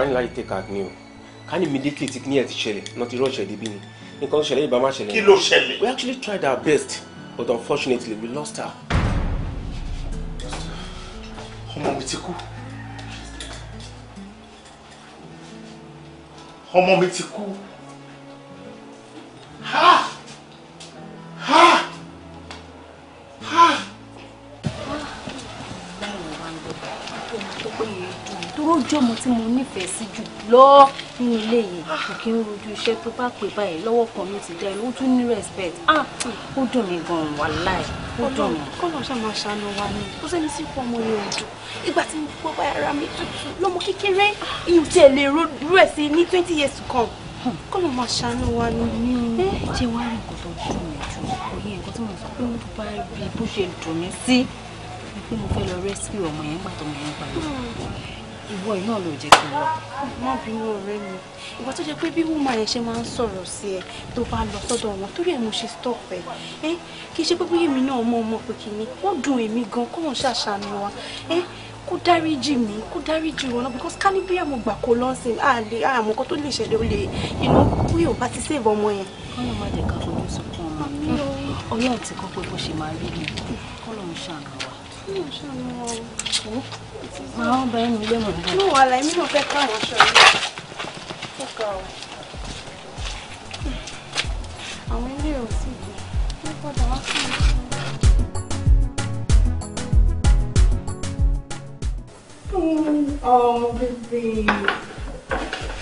máa ń láyé take ni o ká ní immediately tí kíní ẹ̀ ti ṣẹlẹ̀ náà ti rọ́ọ̀ṣẹ̀ débi ni nǹkan tó ṣẹlẹ̀ yìí bá ṣẹlẹ̀. kí ló ṣẹlẹ̀. we actually tried our best but unfortunately we lost her. ọmọ mi ti kú. ọmọ mi ti kú. jọmọ tí mo nífẹ̀ẹ́ sí jù lọ nínú ilé yìí kò kí ń rojú iṣẹ́ tó bá pè báyìí lọ́wọ́ kan ló ti dá ẹ ní respect ah ó dùn mí gan wàláì ó dùn mí. kọ́nà ṣáà máa ṣàánú wa ni kó sẹ́ni sí fún ọmọ yẹn ọdún ìgbà tí mo gbọ́ bá ara mi tútù lọ́mọ kékeré ìyẹn tí ẹ lè rú ẹ̀ sí ní twenty years to come kọ́nà máa ṣàánú wa ni. ẹ jẹ́ wá rí nǹkan tó ń dùn mí jù òye nǹkan tí mo sọ pé mo bá rí bó ṣe dùn mí sí pé mo fẹ́ lọ rescue ọmọ yẹn gbàtọ́ mọ̀ yẹn gbàtọ́ ìwọ yìí náà ló jẹ́ kí n lọ. má bínú ọ̀rẹ́ mi ìwọ tó jẹ́ pé bí wúmà yẹn ṣe máa ń sọ̀rọ̀ sí ẹ tó bá lọ sọ́dọ̀ wọn torí ẹ̀ mo ṣe stop ẹ ẹ kì í ṣe pé bóyá èmi náà mọ ọmọ pé kìíní wọ́n dùn èmi gan kó wọ́n ṣàṣàmì wa ẹ kó dáríjì mí kó dáríjì wọn náà because kálíbíà mo gbà kó lọ́sìn àlè àmọ́ kó tó lè ṣẹlẹ̀ ó lè inú bóyá ò bá ti save ọmọ yẹn. kọ́nà má jẹ́ ká fojú sunkún ọmọ ọlọ́run ti kọ́ pé bó ṣe máa rí mi kọ́nà ń ṣàánú Àwọn ọba Oh, baby.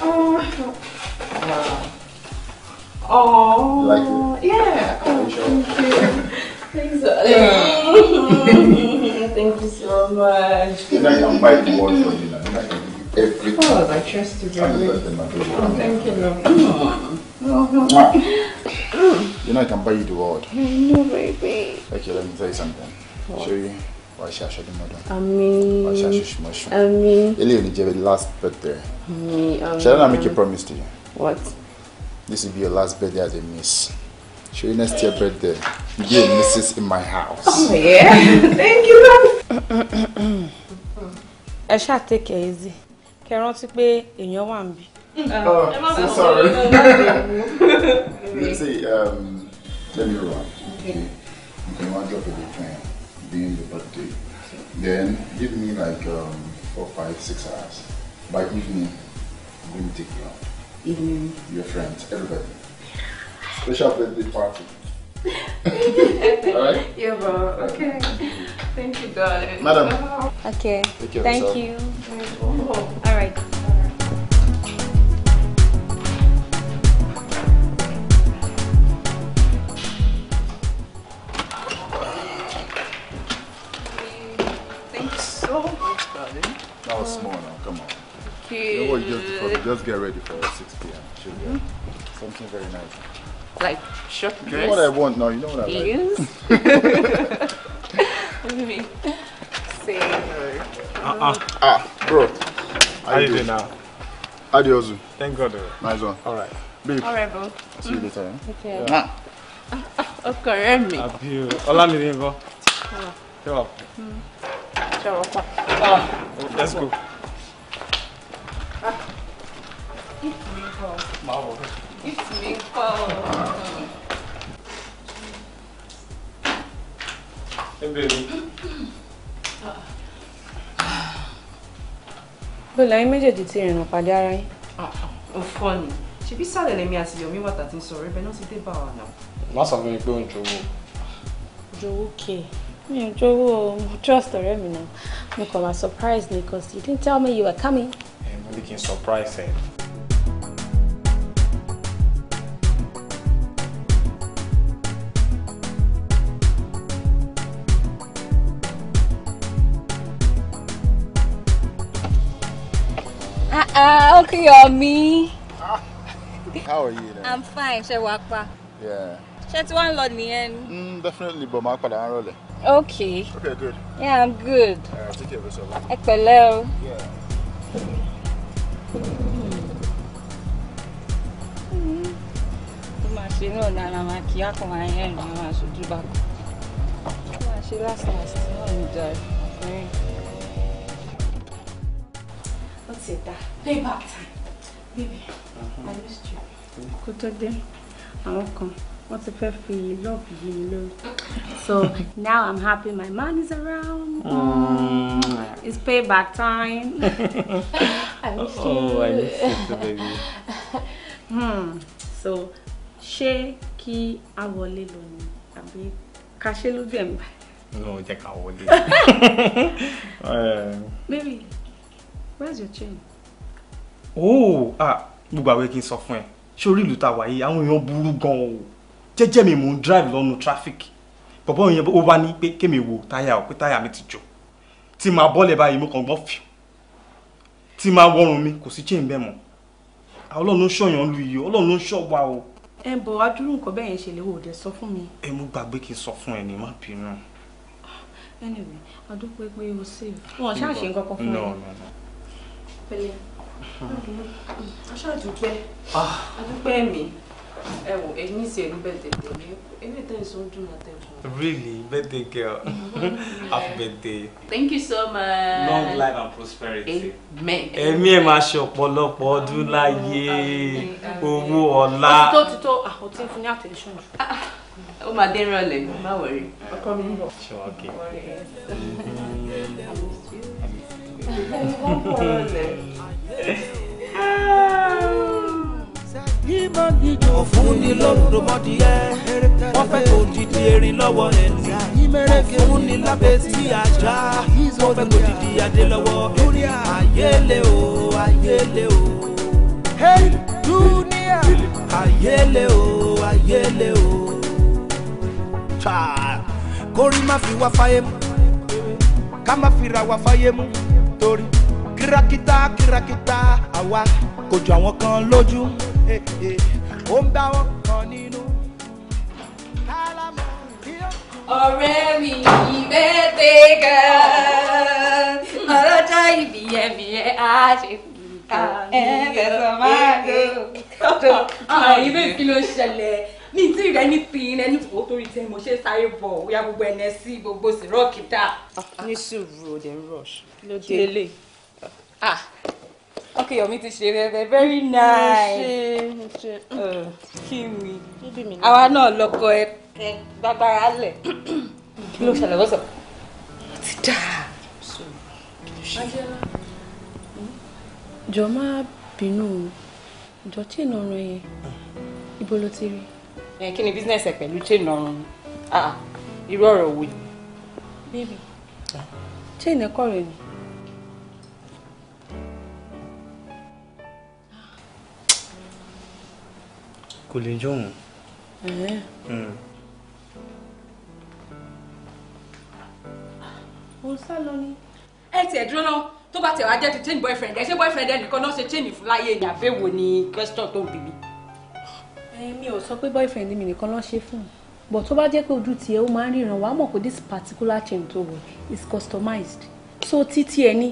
Oh. Oh. like it? Yeah. Oh, thank you. Uh, thank you so much. You know, I can buy the world for Oh, I trust you very Oh, thank you, love. Mm. You know, I can buy you the world. I know, baby. Okay, let me tell you something. What? Show you. Wàá ṣe aṣọ ọdúnmọ́dún. Àmín. Wàá ṣe aṣọ oṣùmọ̀ṣù. Àmín. Eléyìí ò ní jẹ́ last birthday. Àmín. Shall I make a promise to you? What? This will be your last birthday as a miss. Show you next year birthday. You and Mrs. in my house. Oh yeah. Thank you, love. I ṣáà take care easy. Can I pé èèyàn wà ń bí. Oh, I'm so sorry. Let's see, um, let me run. Okay. You Okay, I'll drop it the train during the birthday. Then give me like um, four, five, six hours. By evening, I'm going to take you out. Evening? Your friends, everybody. Special birthday party. Alright? Yeah, bro. Okay. Thank you, guys. Madam. Okay. Thank you. Alright. That was small now, come on. Okay. You just, just get ready for 6 p.m. Mm -hmm. Something very nice. like short dress. You know what I want now, you know what I like. Yes. say. Uh-uh. Ah, bro. How, How you doing now? Adios. Thank God. Bro. Nice one. All right. Babe. All right, bro. See you later. Okay. Yeah. Okay, Remy. Hola, mi ńkọ́. Show up. Show up. Ah, let's go. Ah. Marvel gift mi ń kọ́ ọ. ẹ bẹ̀rù. bọ́lá yín méjèèjì ti rìnnà pàdé ara yín. ó ah, ah, fọ́ ni ṣebí sálẹ̀ lèmi àti yomi wà tàbí sọ̀rọ̀ ibẹ̀ náà ti dé bá wa náà. má sọ fún mi pé ó ń jowó. jowó kè mi ò jowó o mo trust ọ̀rẹ́ mi náà mo kàn wá surprise ni cause you didn't tell me you were coming. ẹ mo ní kí n surprise ẹ. Ah, ah, okay, me. How are you? Then? I'm fine, ṣé Yeah. Ṣé tí wàá Mm, definitely, but my father ń Okay. Okay, good. Yeah, I'm good. Alright, take care of yourself. Ẹ pẹ̀lẹ́ Yeah. Tó máa ṣe náà ní ara máa kí á kàn máa yẹn ní àwọn aṣojú last last náà ní ìdarí. ìjẹta payback time baby i missed you. kó tó dé àwọn What's the ti fẹ́ fi love yìí mi lórí so now i'm happy my man is around mm. mm. it's payback time i miss you. oh i miss you baby. hmm. so ṣé kí a wọlé lọ ni àbí no jẹ́ ká wọlé. baby where's your chain. oh ah gbogbo àwọn kí n sọ fún ẹ ṣé orí ìlú ta wàyí àwọn èèyàn burú gan o jẹ́jẹ́ mi mò drive lọ́nu traffic bọ̀bọ́ yẹn ó wá ní pé kémi wo táyà ò pé táyà mi ti jò tí máa bọ́lẹ̀ báyìí mo kàn gbọ́ fìw tí máa wọrùn mi kò sí chain bẹ́ẹ̀ mọ́ ọlọ́run ń ṣọ̀yàn lu iye ọlọ́run ń ṣọ̀ wa o. ẹ bọ̀ adúrú nǹkan bẹ́ẹ̀ yẹn ṣe lè wò ó dé sọ fún mi. ẹ mú gbàgbé kí n sọ fún ẹ ní má bínú. Ah, anyway adúpẹ́ pé o save wọn ṣáà ṣe nǹkan No, no, no pẹ̀lẹ́ aṣáàdúpẹ́ ah. adúpẹ́ mi ẹ wò ẹ̀yin sì ẹni bẹ̀tẹ̀ tẹ̀lé ẹni tẹ̀ sọ dùn àtẹ̀kùn. really birthday girl happy birthday. thank you so much. long life and prosperity. amen. ẹ̀mí ẹ̀ máa ṣe ọ̀pọ̀lọpọ̀ ọdún láyé owó ọlá. òtítọ́ òtítọ́ àkọ́tí ah, fún ní attention jù. Ah, ó máa dé ìrọ̀lẹ́ má wọrí. ọkọ mi ń bọ̀. ṣé wàá kí. ọ̀fúnnilórúdòmọ́dìyẹ wọ́n fẹ́ kó dìdì erin lọ́wọ́ ẹnu ọ̀fúnni lábẹ́ sí ajá wọ́n fẹ́ kó dìdì adé lọ́wọ́ ẹni ayéle o ayéle o dúníà ayéle o ayéle o kórìí má fi wá fáyé mú ká má fi ra wá fáyé mú torí kírakítà kírakítà àwa kò jọ àwọn kan lójú ó ń bá wọn kan nínú. ọ̀rẹ́ mi ìgbẹ́ tẹ́kẹ̀ ọlọ́jọ́ ìbí ẹ̀mí ẹ̀ á ṣe kú. ẹ máa ń gbé. ọ̀rọ̀ ìbẹ́ kí ló ṣẹlẹ̀ ní ìtì rẹ ní pin ẹni tó torí tẹ mo ṣe sáré bọ̀ òyà gbogbo ẹnẹ sí gbogbo sí rọ́ọ̀kì dà. ní sùúrù òde rush kí ló dé lè. Ah. ok yomi ti ṣe rere very nice. Uh, mm. kí mi àwa náà lọkọ ẹ gbàgbára lẹ mm. kí ló ṣẹlẹ̀ lọ́sọ̀ ti dà. jọ máa bínú jọ tí ìnà ọ̀rọ̀ yẹn mm. ibo ló ti rí kí ni business ẹ pẹ̀lú chain ọrùn ah, ah, irú ọ̀rọ̀ wo ni. baby chain ẹ̀kọ́ rẹ ni. kò lè jọ̀hún. òun hmm. sá lọ ni. ẹ tiẹ̀ dúró náà tó bá tẹ̀ wá jẹ́ ti chain boyfriend ẹ ṣé boyfriend ẹ nìkan náà ṣe chain fún láyé ni àbẹ̀wò question tó ń mi ò sọ pé boyfriend mi nìkan ló ṣe fún but tó bá jẹ́ pé ojú tiẹ̀ ó máa ń ríran wàá mọ̀ pé this particular chain tó wọ̀ is customized so títí ẹ ní.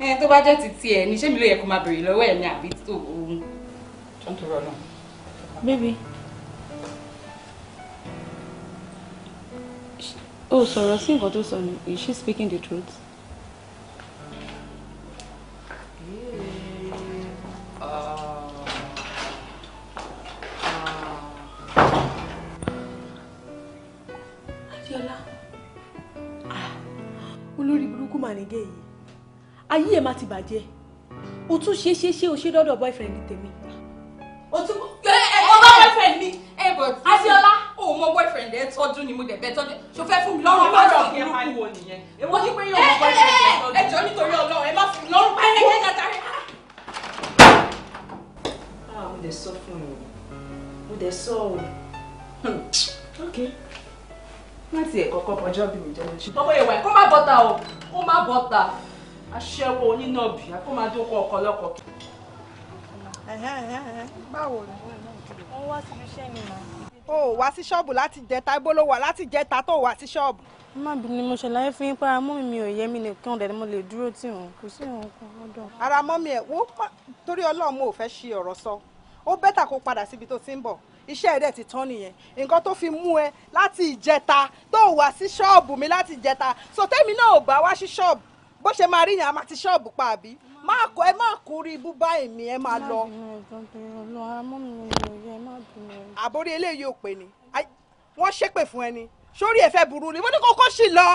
ẹ tó bá jẹ́ títí ẹ ní ṣé mi ló yẹ kó máa béèrè lọ́wọ́ ẹ̀mí àbí tó òun baby o sọ̀rọ̀ sí nǹkan tó sọ ni is she speaking the truth. burúkú mà ní géèyì ayé ẹ̀ má ti bàjẹ́ o tún ṣe ṣe ṣe o ṣe dọ́dọ̀ boyfriend tèmi. o tún ẹ ẹ ọ boyfriend mi ẹ bọ Adéọlá o mọ boyfriend ẹ tọdún ni mo dẹ bẹ tọdún ṣo fẹ fún mi lọ́rùn má jọ burúkú wo nìyẹn èwo ni pé yóò mọ boyfriend ẹ tọdún. ẹ jọ nítorí Ọlọ́run ẹ má fún lọ́rùn pẹ ẹ yẹ kàtàrí. mo dẹ sọ fún ọ mo dẹ sọ ọ ok láti ẹ̀kọ́ kọ́ ọjọ́ bí mi jẹ́ lóṣù. ọmọ ìwà ẹ̀kọ́ má bọ́ta o má bọ́ta aṣẹ́wó onínàbì àkó máa dókọ̀ ọkọ̀ lọ́kọ̀. báwo ni wọ́n wá síbi iṣẹ́ mi mà. o wá sí ṣọ́ọ̀bù láti jẹta ibo wà láti jẹta tó wá sí ṣọ́ọ̀bù. má bí ni mo ṣàlàyé fún yín pé ara mọ́mì mi ò yẹ mi nìkan dẹ̀ ni mo lè dúró tì wọ́n kò sí ìwọ̀n kan lọ́dọ̀. ara mọ́mì ẹ̀ wo torí ọlọ́run mo ò fẹ́ ṣe ọ̀rọ̀ sọ ó bẹ́tà kó padà síbi tó ti ń bọ̀ iṣẹ́ rẹ̀ ti tán nìyẹn nǹkan tó fi mú ẹ láti ìjẹta tó wá sí ṣọ́ọ̀bù mi láti ìjẹta so tẹ́mi náà ò bá wá sí ṣọ́ọ̀bù bó ṣe máa rí yẹn a máa ti ṣọ́ọ̀bù pa àbí má kọ ẹ má kú rí ibú bá èmi ẹ máa lọ. àbórí eléyìí ò pè ní wọ́n ṣépè fún ẹni sórí ẹ fẹ́ burú ni mo ní kókó sì lọ.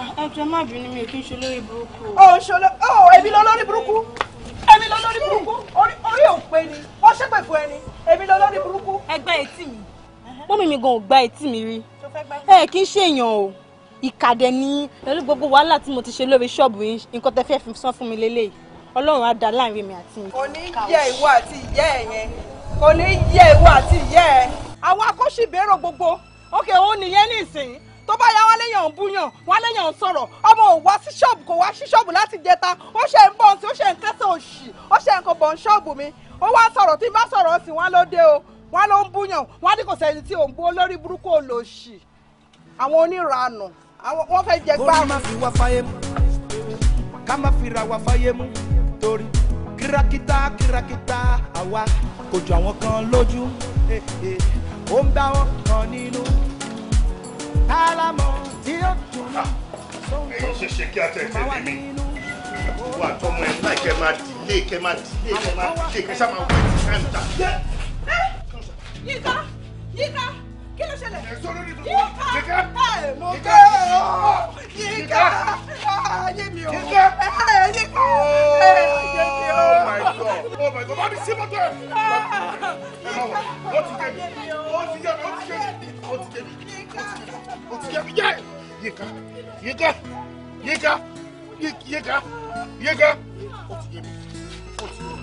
Ah, ẹ jọ̀ọ́ má bínú mi kí n ṣe lórí burúkú. ò ń ṣe lórí burúkú èmi lọ lórí burúkú orí òpè ni ó ṣépè fún ẹni èmi lọ lórí burúkú. ẹgbẹ́ etí mi mọ́mí mi gan ò gba etí mi rí ẹ kì í ṣèyàn o ìkàdẹ ní pẹ̀lú gbogbo wàhálà tí mo ti ṣe lórí ṣọ́ọ̀bù yìí nǹkan tẹ fẹ́ san fún mi lélẹ́yìí ọlọ́run á dá láàrin mi àti mi. kò ní yẹ ìwọ àti ìyá ẹ yẹn kò ní yẹ ìwọ àti ìyá ẹ. àwọn akọ́ṣìbérò tó bá yá wá léyàn ń búyàn wá léyàn ń sọ̀rọ̀ ọmọ ò wá sí ṣọ́ọ̀bù kò wá sí ṣọ́ọ̀bù láti jẹta ó ṣe ń bọ̀ sí ó ṣe ń kẹ́sẹ̀ òṣì ó ṣe ń kò bọ̀ ṣọ́ọ̀bù mi ó wá sọ̀rọ̀ tí bá sọ̀rọ̀ sí wọn ló dé o wọn ló ń búyàn wọn ní kò sẹ́ni tí ò olórí burúkú olóṣì àwọn oníranù wọn fẹ́ jẹ gbá. kó má má fi wá fáyé mú tálámọ̀ tí ó dùn mí. Ah, ẹ̀yin ṣe ṣe kí a tẹ̀ tẹ̀lé mi wà tọmọ ẹ̀ láì kẹ́ máa dìlé kẹ́ máa dìlé kẹ́ máa dìlé kẹ́ sábà wẹ̀ tí ká ń ta. Yínká Yínká kí ló ṣẹlẹ̀? Yínká ẹ̀ mọ̀ Yinka Yinka Yinka Yinka Yinka ó ti yé mi ó ti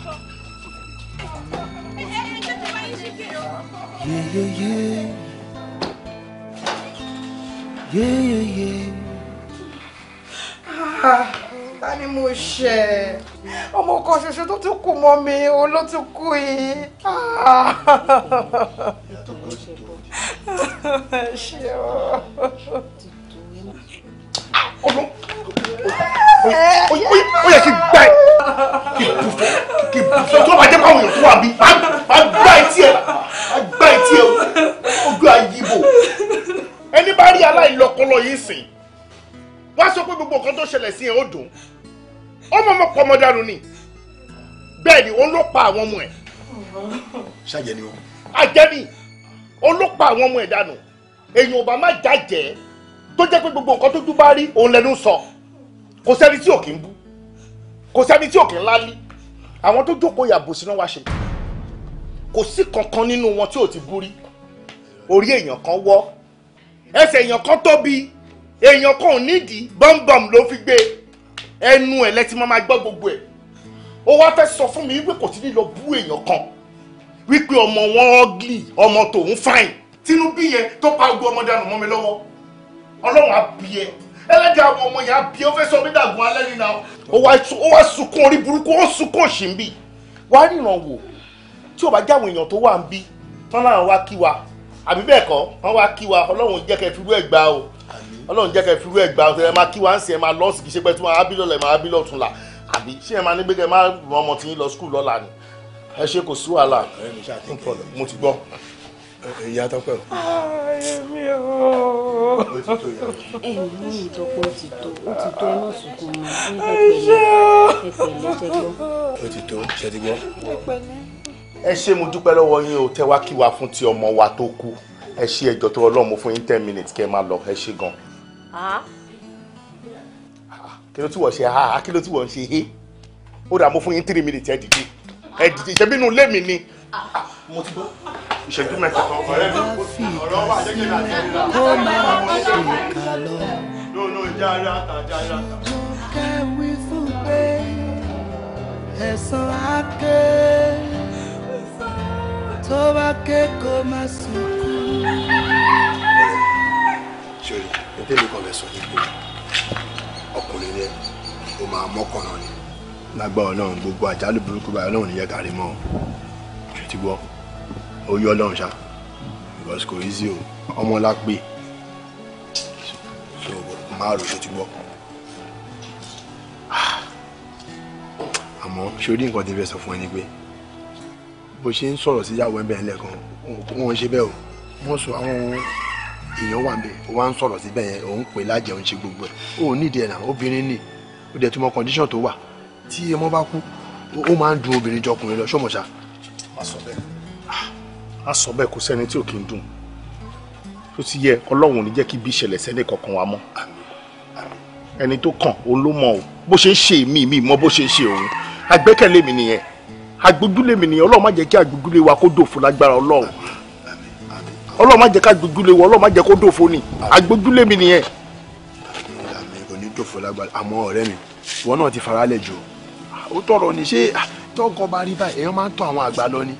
yé mi. Yeah, yeah, yeah. Yeah, yeah, yeah. Ah, ta ni mo ṣe? Ọmọ kan ṣoṣo tó tún kù mọ́ mi, òun ló tún kú yìí. Ah. Ṣé o? ó yẹ kí gbá ẹ kí bùfọ kí bùfọ tó bá jẹ pé àwọn èèyàn tó wà bí má gbá ẹ tiẹ má gbá ẹ tiẹ ojú àyíbò ẹni bá rí aláìlọkọlọ yìí sìn wá sọ pé gbogbo nǹkan tó ṣẹlẹ̀ sí ẹ ó dùn ọmọ ọmọ pọ̀ ọmọ dànù ni bẹ́ẹ̀ ni òun ló pa àwọn ọmọ ẹ̀. ṣàjẹ́ ni o. àjẹ́ ni òun ló pa àwọn ọmọ ẹ̀ dànù èèyàn ò bá má jájẹ́ tó jẹ́ pé gbogbo nǹkan tójú bá rí òun lẹ́nu sọ kò sẹ́ni tí ò kì í bú kò sẹ́ni tí ò kì í lálí àwọn tó jókòó yàbò síná wá ṣe kò sí kankan nínú wọn tí ò ti bú rí orí èèyàn kan wọ́ ẹsẹ̀ èèyàn kan tóbi èèyàn kan ò nídìí bọ́m̀bọ̀m ló fi gbé ẹnu ẹ̀ lẹ́tí máa máa gbọ́ gbogbo ẹ̀ ó wá fẹ́ sọ fún mi wípé kò sí lílọ bú èèyàn kan wípé ọmọ wọn ugly ọmọ tòun fine tínú yẹn tó pa ogun ọmọ dànù mọ́ mi lọ́wọ́ ọlọ́run á bí ẹ ẹlẹ́dàá àwọn ọmọ yẹn á bí ẹ ó fẹ́ sọ mí dàgún alẹ́ nínú àwọn. ó wá sunkún orí burúkú ó sunkún òṣì ń bì wá ríran wò tí ò bá jáwọn èèyàn tó wà ń bí tán láwọn wá kí wa àbí bẹ́ẹ̀ kọ́ wọ́n wá kí wa ọlọ́run jẹ́ kẹ́ firú ẹ̀ gbà o ọlọ́run jẹ́ kẹ́ firú ẹ̀ gbà o tẹ̀lé máa kí wa ń sìn ẹ̀ máa lọ sí kí ṣe pẹ́ tí wọ́n á bí lọ́la ẹ̀ máa bí lọ́tún la àbí ṣé ẹ̀ máa ní gbẹ́gẹ́ máa rán ọmọ tí yín lọ skul lọ́la ni ẹ ṣe kò sí wàhálà mo ti gbọ́ ìyá tọpẹ o. mi ò. ẹ mú ìtọ́pọ̀ ó ti tó ó ti tó iná sunkún mọ́ ẹ pẹ̀lẹ́ ẹ pẹ̀lẹ́ ó ti tó ṣẹ́dígbọ́. ẹ ṣé mo dúpẹ́ lọ́wọ́ yín o tẹ́ wá kí wa fún ti ọmọ wa tó kú ẹ ṣé ẹjọ́ tó ọlọ́mọ fún yín ten minutes kẹ́ ẹ máa lọ ẹ ṣé gan. kí ló tí wọ́n ṣe ha kí ló tí wọ́n ṣe he ó dà mo fún yín three minutes ẹ dìde ẹ dìde ṣẹ́bínú lẹ́mìí ni. Ah, mo ti bọ́ ìṣẹ́jú mẹ́ta. ọ̀rọ̀ wà no no jára ta jára ta. lọ́kẹ́ wí fún pé ẹ̀sán á ké tó bá ké kó má sunkún. sori n ọkùnrin yẹn ó máa mọ́kànnà ni. lágbára ọlọ́run gbogbo àjálù burúkú báyọ̀ ọlọ́run ní yẹ kárí mọ́ ọ ti gbọ́ ó yọ ọlọ́run ṣá because kò easy o ọmọ la so máa ló ti gbọ́ àmọ́ ṣorí nǹkan tí n fẹ́ sọ fún ẹ ni pé bó ṣe ń sọ̀rọ̀ sí ìyàwó ẹ̀bẹ̀ lẹ́ẹ̀kan wọ́n ṣe bẹ́ẹ̀ o wọ́n sọ àwọn èèyàn wà bẹ́ẹ̀ o wá ń sọ̀rọ̀ síbẹ̀ yẹn òun pè lájẹ̀ òun ṣe gbogbo ẹ̀ o nídìí ẹ̀ náà obìnrin ni o dẹ̀ tún mọ condition tó wà tí ọmọ bá kú ó máa ń dun obìnrin jọkùnrin lọ ṣọmọṣà. má sọ bẹ́ẹ̀ a sọ bẹ́ẹ̀ kò sẹ́ni tí ò kí ń dùn tó ti yẹ ọlọ́run ní jẹ́ kí ibi ìṣẹ̀lẹ̀ sẹ́ni kankan wa mọ́ ẹni tó kàn òun ló mọ̀ o bó ṣe ń ṣe mí mí mọ́ bó ṣe ń ṣe òun agbẹ́kẹ̀lé mi nìyẹn agbójúlé mi nìyẹn ọlọ́run má jẹ́ kí agbójúlé wa kó dòfo lágbára ọlọ́run ọlọ́run má jẹ́ kí agbójúlé wa ọlọ́run má jẹ́ kó dòfo ni agbójúlé mi nìyẹn. àmì kò ní dòfo lágbára àmọ́ ọ̀rẹ́ mi ìwọ náà ti faralẹ̀ jù ó tọrọ ni ṣé tọkọ bá rí báyìí èèyàn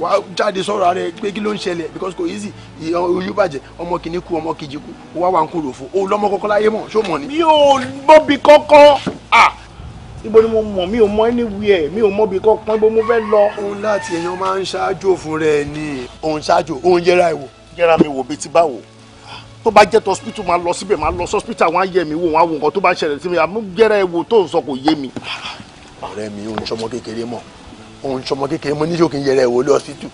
wàá jáde sọ̀rọ̀ rẹ pé kí ló ń ṣẹlẹ̀ because kò easy oyún bàjẹ́ ọmọ kìíní kú ọmọ kejì kú ó wá wà ń kó rò fún o lọ́mọ kọ́kọ́ láyé mọ̀ ṣó mọ̀ ni. mi ò mọbi kankan ah ibo ni mo mọ̀ mi ò mọ anywhere mi ò mọbi kankan ibo mo fẹ́ lọ. òun láti èèyàn máa ń ṣáájú òfin rẹ ni òun ṣáájú òun yẹra ẹ wò. yẹra mi wò bíi ti báwo tó bá jẹ́ hospital máa lọ síbẹ̀ máa lọ hospital wọn á yẹ mi wò wọn á wo nǹkan tó bá ṣẹlẹ̀ sí mi àmú yẹra ẹ wò tó ń sọ kò yé mi. ọ̀rẹ́ mi ò ń ṣọmọ kékeré mọ́ òun sọmọ kékeré mo níṣó kí n yẹrẹ ìwọlé hospital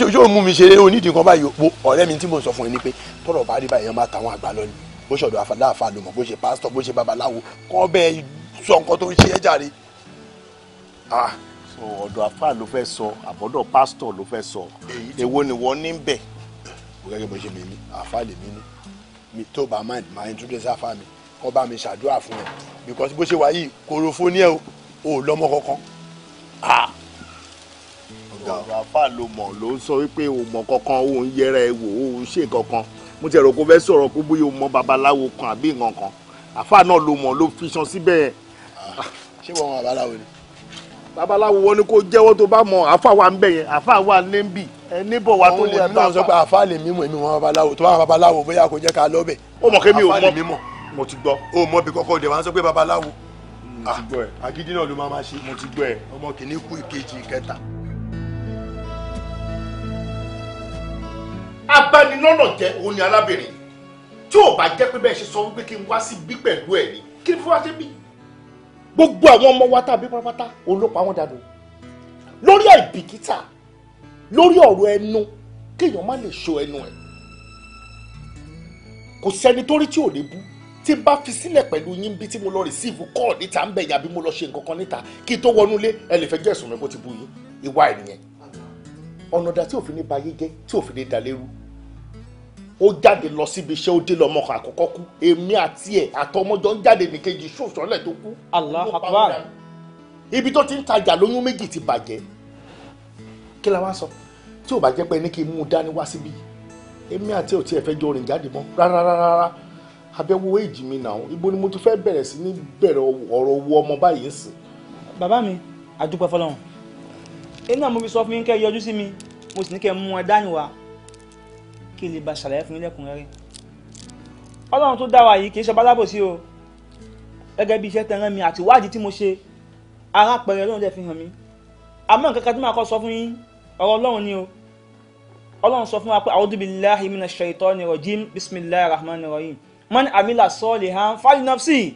yóò mú mi ṣeré onídìí kan báyìí òpó ọ̀rẹ́ mi tí mò sọ fún ẹ ni pé tọrọ bá rí báyìí máa tàwọn àgbà lọ bó ṣọdọ àfàlàfà ló bó ṣe pásítọ̀ bó ṣe babaláwo kọ́ bẹ́ẹ̀ sọ nǹkan tó ń ṣe é jàre. ọ̀dọ̀ àfà ló fẹ́ sọ àbọ̀dọ̀ pásítọ̀ ló fẹ́ sọ èwo ni wọ́n ní bẹ̀. mo gẹ́gẹ́ bó ṣe mi ní àfà lè mi ní mi tó bá máa máa introduce àfà mi kọ́ bá mi ṣàdúrà fún ẹ because bó ṣe wáyé korofo ní ẹ ò lọ́mọ kankan ọ̀rọ̀ àfà ló mọ̀ ló ń sọ wípé o mọ̀ kankan o ń yẹra ẹ wò o ń ṣe kankan mo ti kó fẹ́ sọ̀rọ̀ kó bóyá o mọ babaláwo kan àbí nǹkan kan àfà náà ló mọ̀ ló fi san síbẹ̀. Ah, ṣé wọn wọn babaláwo ni. babaláwo wọn ni kò jẹ́wọ́ tó bá mọ àfà wa ń bẹ̀ yẹn àfà wa ní bì ẹ níbọ̀ wa tó lè tó àfà. àwọn sọ pé àfà lè mímọ̀ èmi wọn babaláwo tó bá wọn babaláwo bóyá kò jẹ́ ká lọ bẹ̀. ó mọ̀ kémi ò mo ti gbọ́. ó mọ̀ bí kọ́kọ́ òde wa ń sọ mo ti gbọ́ ẹ. Ah, mo ti gbọ́ ẹ. ọmọ kìíní kú ìkejì abanilọ́nà jẹ́ òun ni arábìnrin tí ò bá jẹ́ pé bẹ́ẹ̀ ṣe sọ wípé kí n wá sí bí pẹ̀lú ẹ̀ ni kí ni fún wa ṣe bí. gbogbo àwọn ọmọ wa tàbí pátápátá òun ló pa wọ́n dànù lórí àìbìkítà lórí ọ̀rọ̀ ẹnu kéèyàn má lè ṣọ́ ẹnu ẹ̀ kò sẹ́ni tó rí tí ò lè bú tí n bá fi sílẹ̀ pẹ̀lú yín bí tí mo lọ rìsíìfù kọ́ níta ń bẹ̀yà bí mo lọ ṣe nǹkan kan níta kí n tó wọnú ilé ẹ lè fẹ́ jẹ́ ẹ̀sùn mi kó ti bu yín ìwà ẹ̀ nìyẹn ọ̀nà ọ̀dà tí òfin ní ba ayé jẹ́ tí òfin ní dalérú ó jáde lọ síbi iṣẹ́ ó dé lọ ọmọ àkọ́kọ́ kú èmi àti ẹ̀ àtọmọjọ ń jáde nìkejì ṣòṣọ́lẹ̀ tó kú. Allahu Akbar. ibi tó ti ń tajà lóyún méjì ti bàjẹ́ kí la wá sọ tí ò bá jẹ́ pé ní kí n mú un dání wá síbí èmi àti ẹ̀ ò tiẹ̀ fẹ́ jọ rìn jáde mọ́ rárá abẹ́wò èjì mi nà ó ibo ni mo ti fẹ́ bẹ̀rẹ̀ sí ní bẹ̀rẹ̀ ọ̀rọ̀ owó ọmọ báyìí sí. bàbá mi àdúpẹ́ fọlọ́run èyí náà mo fi sọ fún yín kẹ́ kí n lè ba ṣàlàyé fún yín lẹ́kùnrẹ́rẹ́ ọlọ́run tó dá wa yìí kì í ṣe balábòsí o gẹ́gẹ́ bí iṣẹ́ tẹ̀ràn mi àti ìwádìí tí mo ṣe ara pẹ̀rẹ̀ lóun dẹ̀ fi hàn mí àmọ́ nǹkan tí màá kọ́ sọ fún yín ọ̀rọ̀ ọlọ́run ni o ọlọ́run sọ fún wa pé a'udhu billahi minash shaitani rajim bismillahir rahmanir rahim man amila solihan fali nafsi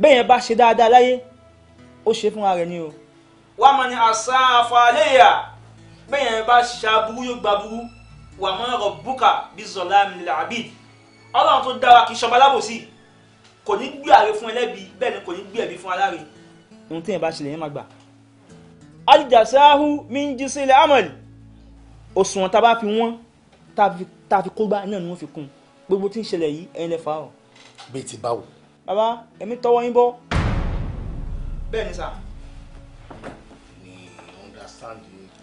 bẹ́ẹ̀ yẹn bá ṣe dáadáa láyé ó ṣe fúnra rẹ̀ ni o wa man asaa faleya bẹ́ẹ̀ yẹn bá ṣe yóò gba wa ma rabbuka bizzalam lil abid ọlọ́run tó dá wa kì í ṣọba lábòsí kò ní gbé àre fún ẹlẹ́bi bẹ́ẹ̀ ni kò ní gbé ẹ̀bi fún aláre. ohun tí yẹn bá ṣe lèyìn máa gbà. aljazahu min jinsil amal òṣùwọ̀n tá a bá fi wọ́n tá a fi kó gbá náà ni wọ́n fi kún gbogbo tí ń ṣẹlẹ̀ yìí ẹ̀yin lè fa o. bẹ́ẹ̀ ti báwo. bàbá èmi tọwọ́ yín bọ́. bẹ́ẹ̀ ni sà. ni understand.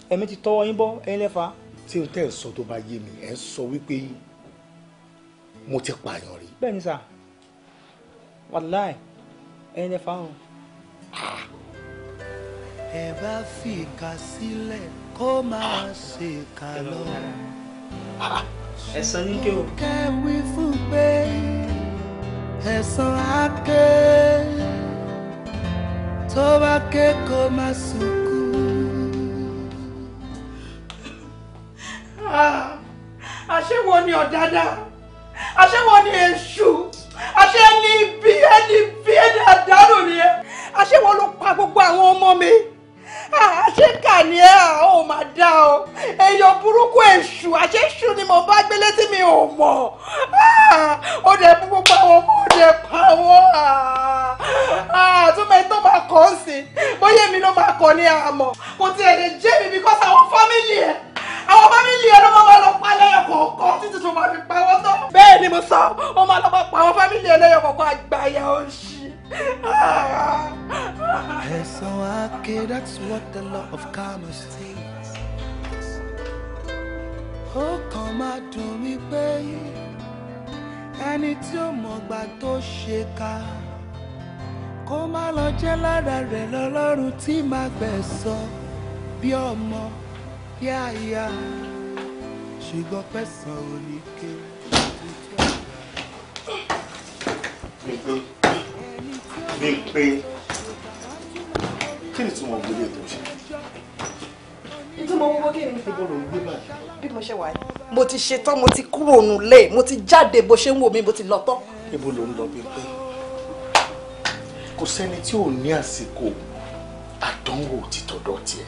èmi ti tọwọ́ yín bọ́ ẹ̀yin lè fa tí o tẹ́ ẹ̀ sọ tó bá yé mi ẹ̀ sọ wípé mo ti pààyàn rí. bẹ́ẹ̀ni sà wàláì ẹyin lè fáwọn. Ah. ẹ bá fìkà sílẹ̀ kó máa ṣèkà lọ. ẹ̀san ní kí o. kẹ́wì fún pé ẹ̀san á ké tó bá ké kó máa sunkún. Ah, àṣewọ ni ọ̀dádá àṣewọ ni èṣù àṣẹ ni ibi ẹni ibi ẹni àdárò ni ẹ àṣewọ ló pa gbogbo àwọn ọmọ mi ah, àṣekà ni ẹ ò ah, máa dá o èèyàn burúkú èṣù àṣeṣù ni mo bá gbé létí mi ò mọ̀ ó dẹ̀ bú gbogbo àwọn ọmọ ó dẹ̀ pa wọ́n àtúmọ̀ tó máa kọ́ sí bóyá èmi ló máa kọ́ ní àmọ́ kò tiẹ̀ lè jẹ́ mi bí kọ́sà àwọn fámìlì ẹ̀ àwọn fámìlì ẹ ló máa lọ pa lẹ́yọ̀ kọ̀ọ̀kan títí tó máa fi pa wọ́n tán. bẹ́ẹ̀ ni mo sọ wọ́n máa lọ pa àwọn fámìlì ẹ lẹ́yọ̀ kọ̀ọ̀kan àgbáyà òṣì. Yes, so that's what the law of karma states. Ó kàn máa dùn mí pé ẹni tí ó mọ̀gbà tó ṣe ká kó má lọ jẹ́ lára rẹ̀ lọ́lọ́run tí màá gbẹ̀ sọ bí ọmọ yá yá ṣùgbọ́n pẹ̀sán ò ní ké tuntun àgbà. mi pé kí ni túmọ̀ gbélé tó ṣe. ìtumọ̀ owó kí ni. ibo ló ń gbé báyìí. bí mo ṣe wà yìí mo ti ṣetán mo ti kúrò nílé mo ti jáde bó ṣe ń wò mí mo ti lọ tán. ibo ló ń lọ bí pé kò sẹ́ni tí ò ní àsìkò àdánwò títọ́dọ̀ tiẹ̀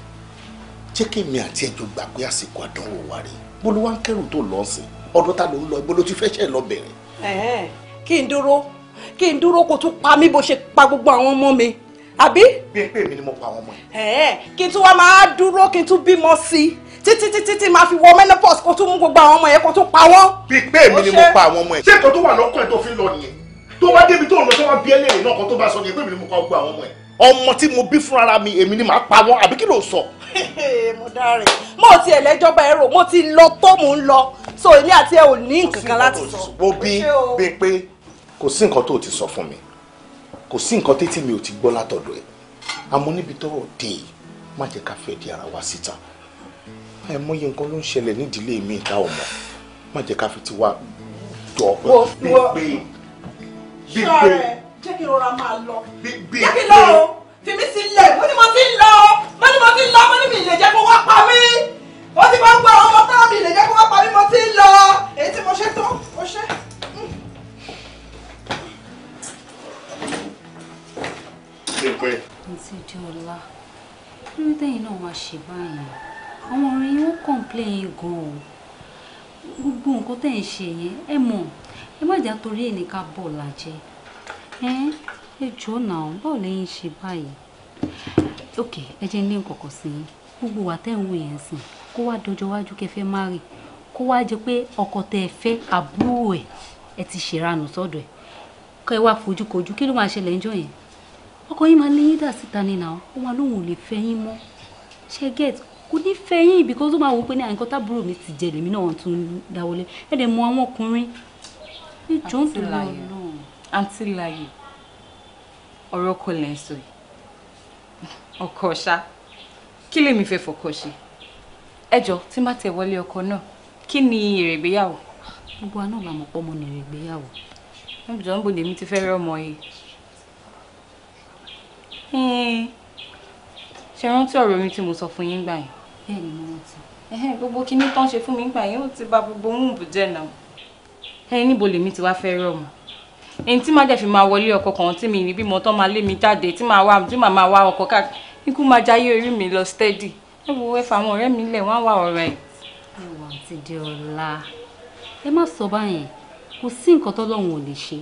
jẹ́ kí mi àti ẹjọ́ gbà pé àsìkò àdánwò wa rèé bó ló wá ń kẹ́rù tó lọ sí ọdún ta ló ń lọ ibo ló ti fẹ́ ṣẹ̀ lọ bẹ̀rẹ̀. ẹ̀ẹ́ kí n dúró kí n dúró kó tún pa mí bó ṣe pa gbogbo àwọn ọmọ mi àbí. bí ẹ pé èmi ni mo pa àwọn ọmọ yìí. ẹ̀ẹ́ kí n tún wá máa dúró kí n tún bímọ sí i títí títí tí máa fi wọ menopause kó tún mú gbogbo àwọn ọmọ yẹn kó tún pa wọ́n. bí pé èmi ni mo pa àwọn ọmọ yẹn. ṣé nǹkan tó wà lọ́kàn ẹ̀ tó fi lọ nìyẹn tó bá débi tó ń lọ sọ́wọ́ bí ẹlẹ́rìí náà kan tó bá sọ nìyẹn pé èmi ni mo pa gbogbo àwọn ọmọ yẹn ọmọ tí mo bí fúnra mi èmi ni màá pa wọn àbí kí ló sọ. mo dáre mo ti ẹlẹjọba ẹrọ mo ti lọ tó mò ń lọ so èmi àti ẹ ò ní nǹkan kan láti sọ. wo bí bí pé kò sí nǹkan tó o ti sọ fún mi kò sí nǹkan tètè mi ò ti gbọ́ látọ̀dọ̀ ẹ̀ àmọ́ níbi tọ́rọ̀ dé yìí má jẹ́ ká fẹ́ di ara wa síta àìmọye nǹkan ló ń ṣẹlẹ̀ nídìílé mi ìta ọmọ má jẹ́ ká fi tiwa jọ pé bí pé bí pé jẹ́ kí rọra máa lọ jẹ́ kí lọ o fi mí sílẹ̀ mo ní mo ti lọ mo ní mo ti lọ mo ní mi lè jẹ́ kó wá pa mí ó ti máa ń gba ọmọ tá mi lè jẹ́ kó wá pa mí mo ti lọ èyí tí mo ṣe tó mo ṣe. ǹtí Diola kí ló dẹ́yìn náà wá ṣe báyìí àwọn ọ̀rẹ́ yín wọ́n kọ̀ǹpléyìn gan-an gbogbo nǹkan tẹ̀ ń ṣe yẹn ẹ mọ̀ ẹ má jà torí ẹnìkan bọ̀ làjẹ́ ẹ jọ náà báwo lẹ́yìn ṣe báyìí ok ẹ jẹ́ ní nǹkankan sí i gbogbo wa tẹ́ ń wò yẹn sìn kó wá dọjọ́ wájú kẹ́ fẹ́ má rì kó wá jẹ́ pé ọkọ tẹ́ ẹ fẹ́ àbúrò ẹ̀ ẹ ti ṣèrànù sọ́dọ̀ ẹ̀ kẹ́ ẹ wá fojúkojú kí ló máa ṣẹlẹ̀ ńjọ́ yẹn ọkọ yín máa léyìn dà síta ni náà ó máa lóun ò lè fẹ́ yín mọ́ ṣe get kò ní fẹ́ yín ibì kan tó máa wò pé ní àyíkọ́ tábúrò mi ti jẹ lèmi náà tún dáwọlé ẹ̀ dẹ̀ mọ àwọn ọkùnrin ní jọ́ǹtò lọ́ọ́ àǹtí láàyè ọ̀rọ̀ kò lẹ́ sọ yìí ọkọ ṣá kí lèmi fẹ́ fọkọ ṣe ẹjọ́ tí má tẹ̀ wọlé ọkọ náà kí ni èrè ìgbéyàwó. gbogbo àná la mọ̀ pọ́ mo ní èrè ìgbéyàwó. ẹjọ́ ń bò lèmi ti fẹ́ rẹ́ ọmọ yìí. Hmm, ṣe rántí ọ̀rọ̀ mi tí mo sọ fún yín gbà yẹn. bẹ́ẹ̀ ni mo rántí. gbogbo kinní tán ṣe fún mi gbà yẹn ó ti bà gbogbo ohun ìbùjẹ́ náà. ẹ níbo lèmi ti wá fẹ́ rẹ́ ọmọ ẹni tí má dẹ̀ fi máa wọlé ọkọ kan tí mi ní bímọ tán máa lé mi jáde tí màá wá tí màá máa wá ọkọ káàkiri ikú máa jayé orí mi lọ steady ẹ wo ẹ fàwọn ọ̀rẹ́ mi lẹ̀ wọ́n á wà ọ̀rọ̀ ẹ̀. ẹ wà ti di ọ̀la ẹ má sọ báyẹn kò sí nǹkan tọ́lọ́run ò lè ṣe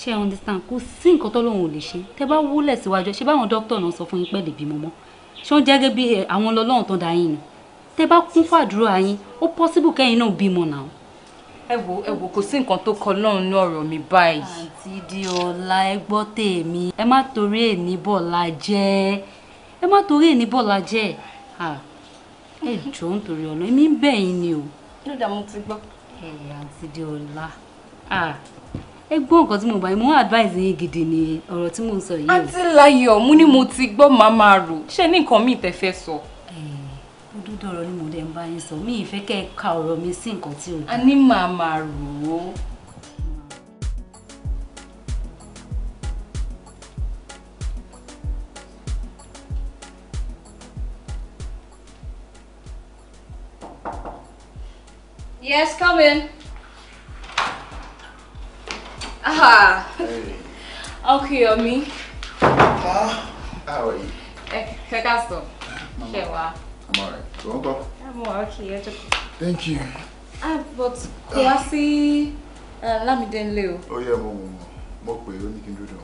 ṣe ẹ understand kò sí nǹkan tọ́lọ́run ò lè ṣe tẹ bá wúlẹ̀ síwájú ṣe báwọn dókítà náà sọ fún yín pẹ́ẹ́lì bímọ mọ́ ṣé wọ́n jẹ́gẹ́ bí eh, àwọn ọlọ́run tó dá yín ni tẹ bá kún fàdúrà yín ó possible kẹ́yìn náà bímọ náà ẹ wo ẹ wo kò sí nǹkan tó kọ lọ́run ní ọ̀rọ̀ mi báyìí. àǹtí di ọ̀la ẹ gbọ́ tèmi ẹ má torí èní bọ̀la jẹ́ ẹ má torí èní bọ̀la jẹ́ ẹ jọ ń torí ọ̀la èmi ń bẹ̀ ni o. ló dàá mo ti gbọ́. ẹ àǹtí di ọ̀la ẹ gbọ́ nǹkan tí mo bá yín mo ń advise yín gidi ni ọ̀rọ̀ tí mo ń sọ yìí. àǹtí láyọ̀ mú ni mo ti gbọ́ màmá rò ṣé ní nǹkan míì tẹ́ fẹ́ sọ. So òótọ́ ọ̀rọ̀ ni mo dẹ̀ ń bá yín sọ mi ìfẹ́ kẹ́ ka ọ̀rọ̀ mi sí nǹkan tí o dá. a ní màá máa rò ó. Yes, come in. Ah. Hey. Okay, Omi. Ah, how are you? Ẹ eh, kẹ́kẹ́ sọ. Ṣé wàá? I'm alright. So uncle? okay. Thank you. Ah, but Kwasi wá sí eh, Lámídé ńlé o. more, oh, more. More mọ̀ mo pè ó ní kí n dúró.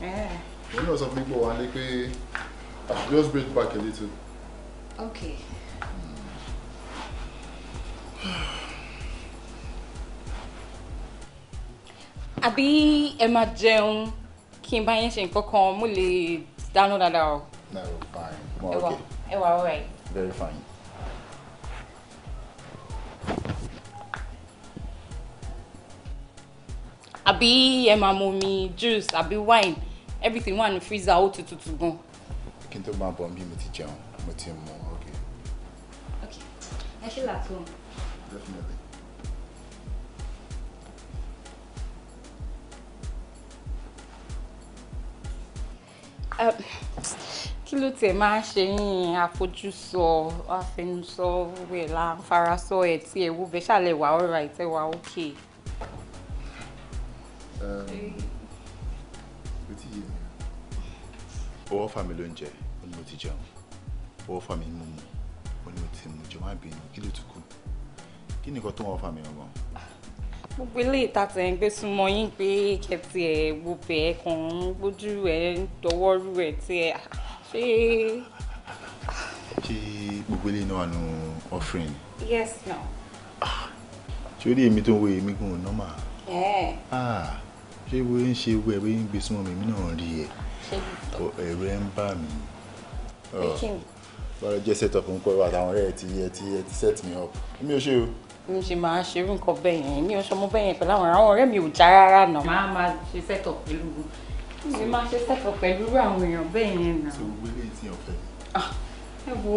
Òun eh. náà sọ fún mi pé wà I ah, just break back a little. Okay. Abi, Emma, máa Kim, kí n bá yẹn ṣe mo lè dáná dáadáa o. no fine. ẹ Okay. ẹ wà all right very fine. àbí ẹ máa mu omi juice àbí wine everything one ní freezer ó to to go? kí n tó máa bọ̀ bí mo ti jẹun mo ti mu ok. ok ẹ ṣe làtọ̀. definitely. Uh, kí ló tiẹ̀ máa ń ṣe yín àfojúsọ àfẹnusọ wẹ̀ la farasọ ẹ̀ tí ẹ̀ wú bẹ́ẹ̀ ṣàlẹ̀ wà ọ̀rọ̀ àìtẹ́ wà ókè. etí yìí ni owó fà mí lóúnjẹ ó ní mo ti jẹun owó fà mí mímu ó ní mo ti mu jọ má bínú kí ló tún kù kí ni nǹkan tó wọ́n fà mí ọgbọ́n. gbogbo ilé ìta tẹ̀ ń gbé súnmọ́ yín pé kẹ̀tì ẹ̀ gbogbo ẹ̀ kàn ń gbójú ẹ̀ ń dọwọ́rú ẹ̀ tí ẹ̀ ṣe. ṣé gbogbo eléyìí náà wà offering. yes no. Ah, ṣé ó rí èmi tó ń wo èmi gan nọ́mà. Eh. Ah, ṣé wo ń ṣe wẹ̀ bí ń gbé súnmọ́ mi èmi náà rí ẹ̀ ẹ̀rọ ẹ̀ ń bà mí. Oh. bọ́lá jẹ́ set up nǹkan wà táwọn ọ̀rẹ́ ẹ̀ ti ẹ̀ ti ẹ̀ set me up èmi ò ṣe o mo ṣe máa ṣerú nǹkan bẹ́ẹ̀ yẹn mi ò ṣọmọ bẹ́ẹ̀ yẹn pẹ̀lú àwọn ọ̀rẹ́ mi ò já rárá nà. màá máa ṣe set up pẹ̀lú mi máa ṣe sẹ́kọ̀ pẹ̀lú àwọn èèyàn bẹ́ẹ̀ yẹn náà. tó gbé lè tí ọ̀fẹ́. ẹ wo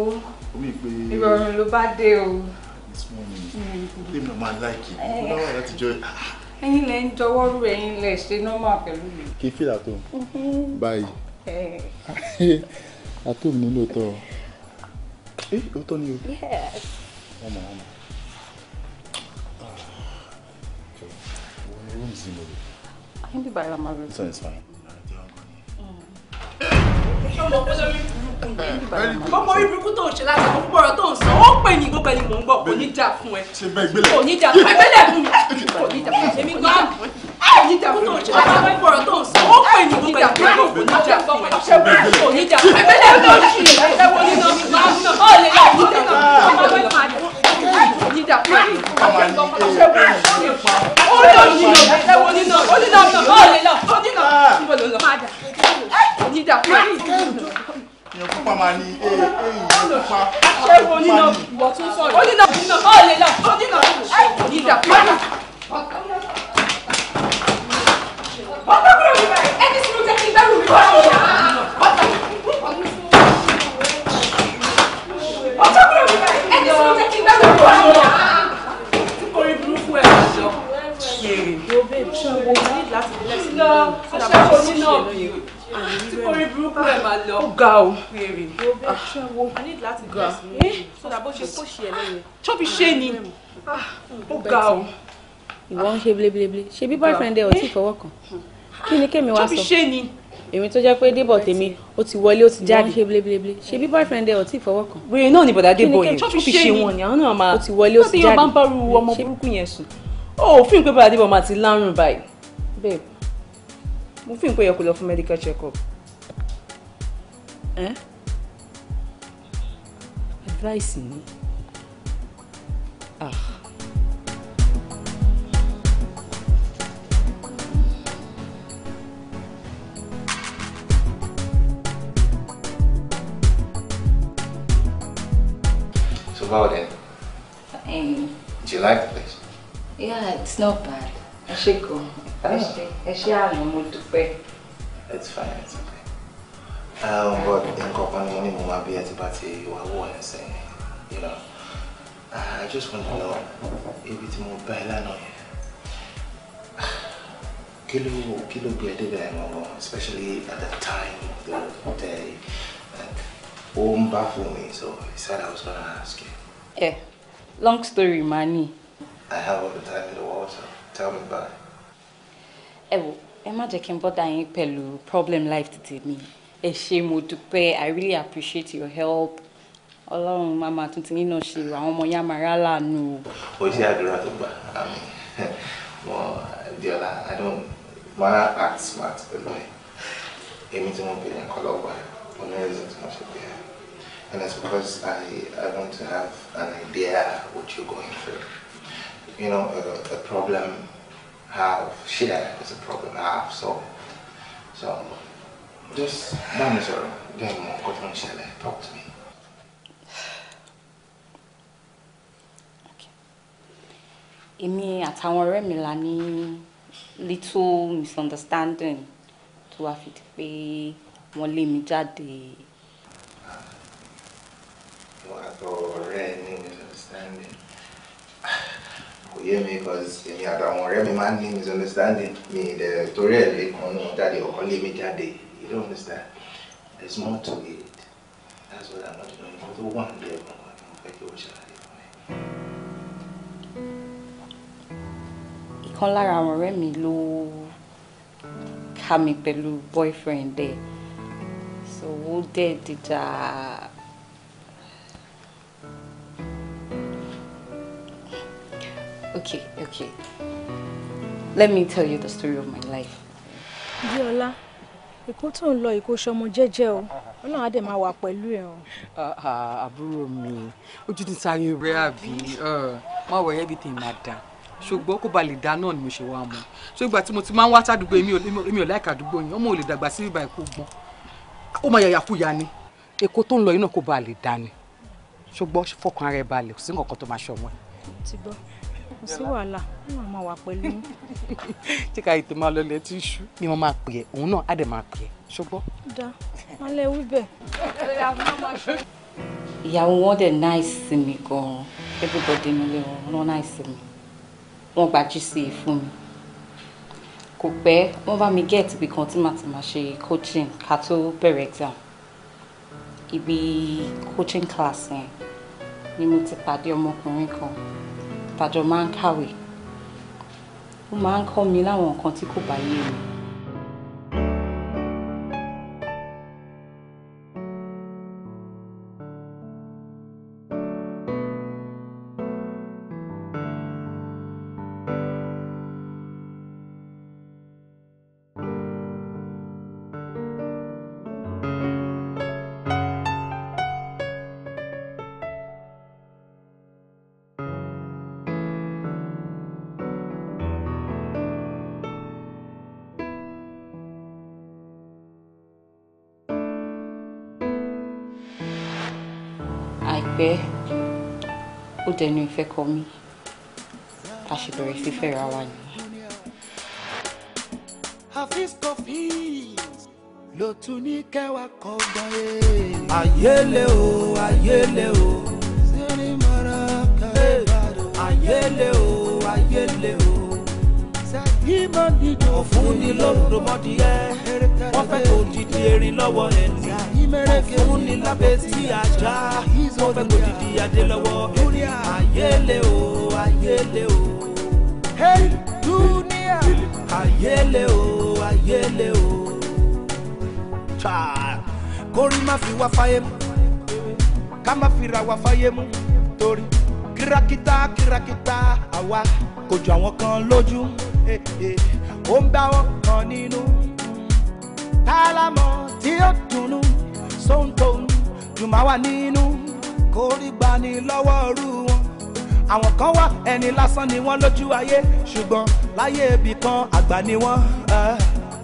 ìrọ̀rùn ló bá dé o. tèmi náà máa láìkì fúláwà eh. láti jọ ẹ. Ah, ah. ẹ̀yin lẹ ń jọwọ́ rú ẹ̀yin lẹ ṣe nọ́mà pẹ̀lú mi. kì í fìlà tó báyìí àtò mi nílò tọ ẹ òótọ́ ni o. ọmọ ọmọ ah. wọ́n ní rúùmù sí mi. ayé bíbá ẹ̀ la máa rẹ̀ ọmọ ibùkún tó ń ṣe láti ọmọ gbọ́rọ̀ tó ń sọ ó pè ní gbogbo ẹni mò ń gbọ́ kò ní jà fún ẹ kò ní jà fún ẹ bẹ́lẹ̀ fún mi kò ní jà fún èmi gbọ́ kò ní jà fún tó ń ṣe láti ọmọ gbọ́rọ̀ tó ń sọ ó pè ní gbogbo ẹni mò ń gbọ́ kò ní jà fún ẹ kò ní jà fún ẹ bẹ́lẹ̀ fún mi ẹ wo ní lọ mi gbọ́ ọ lè lọ kò ní jà fún ẹ ọmọ bẹ́ẹ̀ máa dùn kò ní jà fún ẹ ọmọ bẹ́ẹ̀ máa dùn kò ní jà fún ẹ ọmọ bẹ́ẹ̀ máa dùn kò ní jà fún ẹ ọmọ bẹ́ẹ̀ máa dùn kò ní jà fún ẹ ọmọ bẹ́ẹ̀ máa dùn kò ní jà fún ẹ ọmọ bẹ́ẹ̀ máa dùn kò ní jà fún ẹ ọmọ bẹ́ẹ̀ máa dùn kò ní jà fún ẹ ọmọ bẹ́ẹ̀ máa dùn kò ní jà fún ẹ ọmọ bẹ́ẹ̀ máa dùn kò ní jà fún ẹ ọmọ bẹ́ẹ̀ ó ga o. ìwọ ń ṣe bleblebble ṣe bí boyfriend ẹ ò tí ì fọwọ́ kàn eh. kí ni kémi wá sọ. tóbi ṣé ni èmi tó jẹ́ pé débọ̀ tèmi ó ti wọlé ó ti jáde ṣe bleblebble ṣe bí boyfriend ẹ ò tí ì fọwọ́ kàn. wèrè náà ni bọ̀dá débọ̀ yẹn tó fi ṣe wọn ni àwọn náà máa ó ti wọlé ó ti jáde. láti yan bá ń bá ru ọmọ burúkú yẹn sùn ó òfin pé bọ̀dá débọ̀ máa ti lárùn báyìí babe mo fi pé yẹ kó lọ medical check Eh? advice ni ah about it? Um, Do you like the place? Yeah, it's not bad. Ẹ ṣé gan. Ah. Ẹ ṣé àná mo dúpẹ́. It's fine, it's okay. Um, but in company, ni mo ní mo máa bí ẹ ti bá ti you know. Ah, I just want to know ibi tí mo bá ẹ lánàá yẹn. Kí ló kí ló especially at the time of the day. Like, ó ń bá so I said I was gonna ask you. Yeah, long story mà I have all the time in the world, so tell me about it. Ẹ imagine ẹ má jẹ́ kí n problem life ti me. A shame to pay. I really appreciate your help. Ọlọ́run mama, máa tún ti she náà ṣe àwọn ọmọ yá máa rá láàánú. O ṣe àdúrà tó gbà, Diola, I don't, máa act smart but ẹ̀. Èmi tí wọ́n bèèrè ẹ̀kọ́ lọ́gbà and that's because I, I want to have an idea what you're going through. You know, a, a problem have shared is a problem I have solved. So just monitor them on talk to me. Èmi àtàwọn ọ̀rẹ́ mi la ní little misunderstanding tó wá fi di pé wọ́n lé mi jáde àtọ̀rẹ́ ní misunderstanding kò yé mi because èmi àtàwọn ọ̀rẹ́ mi máa ń ní misunderstanding mi ìdẹ̀ torí ẹ̀ lè kàn nù jáde ọ̀kan lé mi jáde you don't understand there's more to it that's what i'm not doing for the one day ọ̀kan ni mo fẹ́ kí o ṣàlàyé fún mi. ìkan lára àwọn ọ̀rẹ́ mi ló ká mi pẹ̀lú boyfriend ẹ̀ so ó dẹ̀ dìjà. Okay, okay. Let me tell you the story of my life. Diola, Èkó tó ń lọ Èkó ṣọmọ jẹ́jẹ́ o. Ọlọ́run á dẹ̀ máa wà pẹ̀lú ẹ̀ o. Ah, ah, àbúrò mi, ojú ti sáré rẹ̀ àbí. Ah, má wọ̀ everything máa dà. ko kó ba lè dá náà ni mo ṣe wá mọ́. Ṣé ìgbà mo ti máa ń wá sádùúgbò èmi ò láìka àdúgbò yẹn, ọmọ ò lè dàgbà sí ìbà Èkó gbọ́n. Ó máa yàyà fúya ni. Èkó tó ń lọ yìí náà kó ba lè dá ni. Ṣùgbọ́n fọkàn ara ẹ̀ balẹ̀ kò sí kan tó máa ṣọmọ ẹ̀. Ti gbọ́ kò sí wàhálà wọn máa wà pẹ̀lú. tí ká ètò máa lọlẹ̀ tí ṣú ni wọ́n máa pè ẹ́ òun náà á dẹ̀ máa pè ẹ́ ṣùgbọ́n. dá wọn lè wí bẹ́ẹ̀. ìyàwó wọn dẹ̀ náìsì mi gan-an everybody nílé wọn wọn náìsì mi wọn gba gc fún mi kò pẹ́ wọ́n bá mi get ibi kan tí màá máa ṣe coaching ká tó bẹ̀rẹ̀ exam ibi coaching class yẹn ni mo ti pàdé ọmọkùnrin kan tàjọ máa ń kàwé ó máa ń kọ́ mi láwọn nǹkan tí kò bá yé mi. pẹ́ ó dẹnu ìfẹ́ kọ mí a sì bẹ̀rẹ̀ sí fẹ́ra wa ni. àfíìsì ló tún ní kẹwàá kọgbọn ẹ. àyélé o àyélé o. sẹ́ni mara kẹfà ló. àyélé o àyélé o. sàgímọ̀ níjọ. ọ̀fun ni lórúkọ mọ́díyẹ. wọ́n fẹ́ kó dìde erin lọ́wọ́ ẹni. ọ̀fun ni lábẹ́ tí a tí wọ́n fẹ́ gbòdìdì adé lọ́wọ́ ayé o ayé o. dúníà ayé le o ayé o. kórí má fi wá fáyé mu ká má fi ra wá fáyé mu torí kírakítá kírakítá àwa kò jọ àwọn kan lójú eh, eh, ó ń bá wọn kan nínú tálámọ̀ tí ó dùnnú sóńtòun jùmọ̀ wà nínú kó rí gbani lọ́wọ́ irú wọn àwọn kan wà ẹni lásán ni wọ́n lójú ayé ṣùgbọ́n láyé ibì kan àgbà ni wọ́n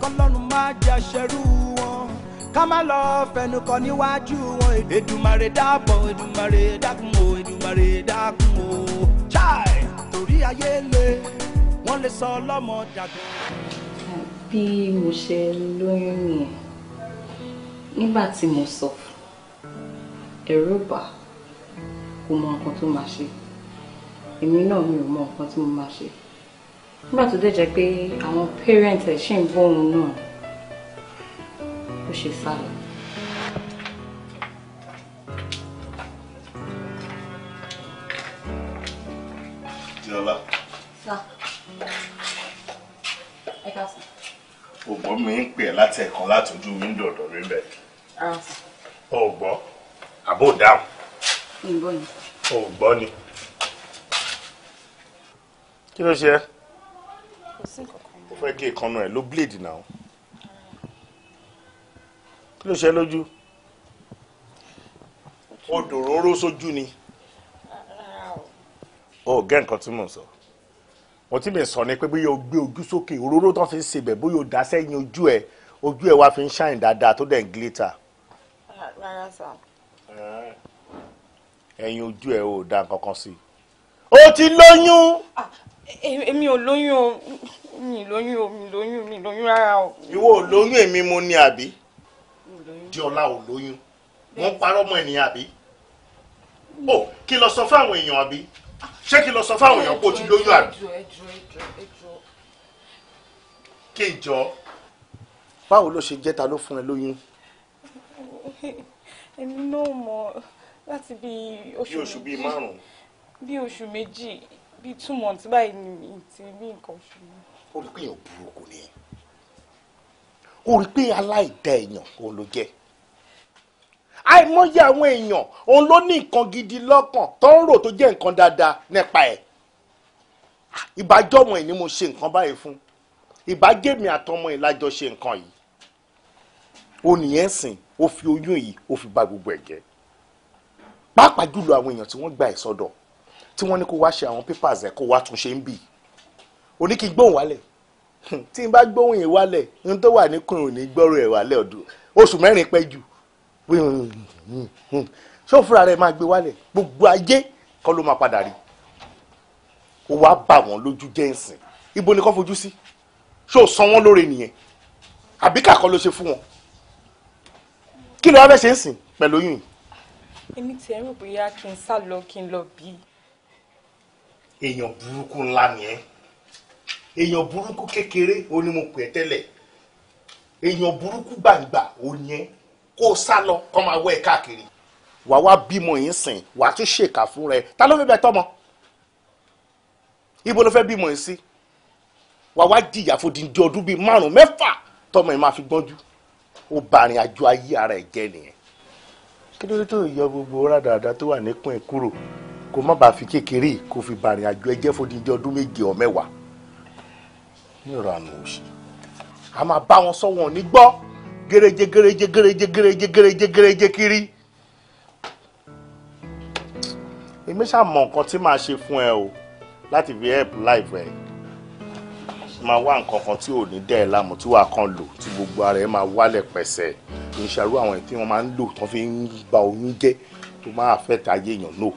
kọ́lọ́run má jẹ́ ṣerú wọn ká má lọ fẹnukọ níwájú wọn Èdùmàrè dábọ̀ Èdùmàrè dákun o Èdùmàrè dákun o chai torí ayé le wọ́n lè sọ ọlọ́mọ dàgbà. bí mo ṣe lóyún nìyẹn nígbà tí mo sọ ẹ̀rù bà á kò mọ nǹkan tó máa ṣe èmi náà mi ò mọ nǹkan tí mo máa ṣe nígbà tó dẹ̀ jẹ́ pé àwọn parent ẹ̀ ṣì ń bóun náà ó ṣe sá lọ. Jọlá. Ògbọ́n mi ń pè láti ẹ̀kan látọjú wíńdò ọ̀dọ̀ rẹ̀ bẹ̀. Ara àbó dáhùn. Ìgbọ́n oh gbọ́ kí ló ṣe ẹ́ ó fẹ́ gé ìkànnà ẹ̀ ló blade náà kí ló ṣe ẹ́ lójú odò ni o gẹ́ nǹkan tí mò sọ mo tí mi sọ ni pé bóyá o gbé ojú sókè òróró tó fi ń sebẹ̀ bóyá o dá sẹ́yìn ojú ẹ̀ ojú ẹ̀ wá fi ń dáadáa tó dẹ̀ ń glitter. rárá sá. ẹ̀yin ojú ẹ̀ ò dá nǹkan sí i o ti lóyún. Ah, e, èmi ò lóyún o mi lóyún o mi lóyún mi lóyún rárá o. ìwọ ò lóyún èmi mo ní àbí diola ò lóyún mo ń parọ́ mọ́ ènìyàn àbí o kí lọ sọ fáwọn èèyàn àbí ṣé kí lọ sọ fáwọn èèyàn pé o ti lóyún àbí. kí n jọ. báwo ló ṣe jẹ́ ta ló fún ẹ lóyún. èmi náà mọ̀ láti bí oṣù méjì bí oṣù bíi márùn-ún bí oṣù méjì bíi two months báyìí ni mi ti rí nǹkan oṣù mi. ó rí pé èèyàn burúkú ni ó rí pé aláìdá èèyàn òun ló jẹ́ àìmọye àwọn èèyàn òun ló ní nǹkan gidi lọ́kàn tó ń rò tó jẹ́ nǹkan dáadáa nípa ẹ̀ ìbájọ́ ọmọ ẹ̀ ni mo ṣe nǹkan báyìí fún ìbájẹ́mi àtọmọ ẹ̀ lájọ ṣe nǹkan yìí ó nìyẹn sìn ó fi oyún yìí ó fi bà gbogbo ẹ̀ jẹ́ pàápàá jùlọ àwọn èèyàn tí wọ́n gba ìsọdọ̀ tí wọ́n ní kó wá ṣe àwọn papers ẹ̀ kó wá tún ṣe ń bì ó ní kí n gbóhùn wálẹ̀ hmm, tí n bá gbóhùn yẹn wálẹ̀ n tó wà ní kùnrin ní gbọ́rọ̀ ẹ̀ wálẹ̀ ọdún oṣù mẹ́rin pẹ́ jù hmm, hmm, ṣé òun fúnra rẹ̀ máa gbé wálẹ̀ gbogbo ayé kọ́ ló máa padà rí ó wá bà wọ́n lójú jẹ́ǹsìn ibo ni kò fojú sí ṣé ò wọ́n lóore nìyẹn àbíkà kọ́ ló ṣe fún wọn kí ló wá fẹ́ ṣe ń sìn pẹ̀lú oyún èmi tiẹ̀ rò bóyá kí n sá lọ kí n lọ bí. èèyàn burúkú ńlá nìyẹn èèyàn burúkú kékeré ó mo pè é tẹ́lẹ̀ èèyàn burúkú gbàǹgbà ó yẹn kó o sá lọ kó máa wẹ̀ káàkiri. wà wá bímọ yìí sìn wà á tún ṣèkà fún rẹ ta ló fẹ́ bẹ tọ́mọ ibo ló fẹ́ bímọ yìí sí wà wá jìyà fòdìdí ọdún bíi márùn-ún mẹ́fà tọmọ yìí máa fi gbọ́njú ó ba ayé ara ẹ̀ jẹ́ nìyẹn kí ló dé tó yọ gbogbo rádàràdà tó wà nípìn kúrò kó má bàa fi kékeré kó fi bàrìn àjọ ẹjẹ́ fòdìdí ọdún méje ọ̀ mẹ́wàá ní ọ̀rọ̀ àmì òsì a máa bá wọn sọ wọn ní gbọ́ gẹ́rẹ́jẹ́ gẹ́rẹ́jẹ́ gẹ́rẹ́jẹ́ gẹ́rẹ́jẹ́ gẹ́rẹ́jẹ́ gẹ́rẹ́jẹ́ kiri èmi ṣàmọ nǹkan tí màá ṣe fún ẹ o láti fi help life ẹ máa wá nǹkan kan tí ò ní dẹ́ ẹ lámù tí wàá kàn lò tí gbogbo ara ẹ máa wálẹ̀ pẹ̀sẹ̀ kì í ṣàrú àwọn ètò wọn máa ń lò tán fi ń ba oyún jẹ́ tó máa fẹ́ ta ayé èèyàn náà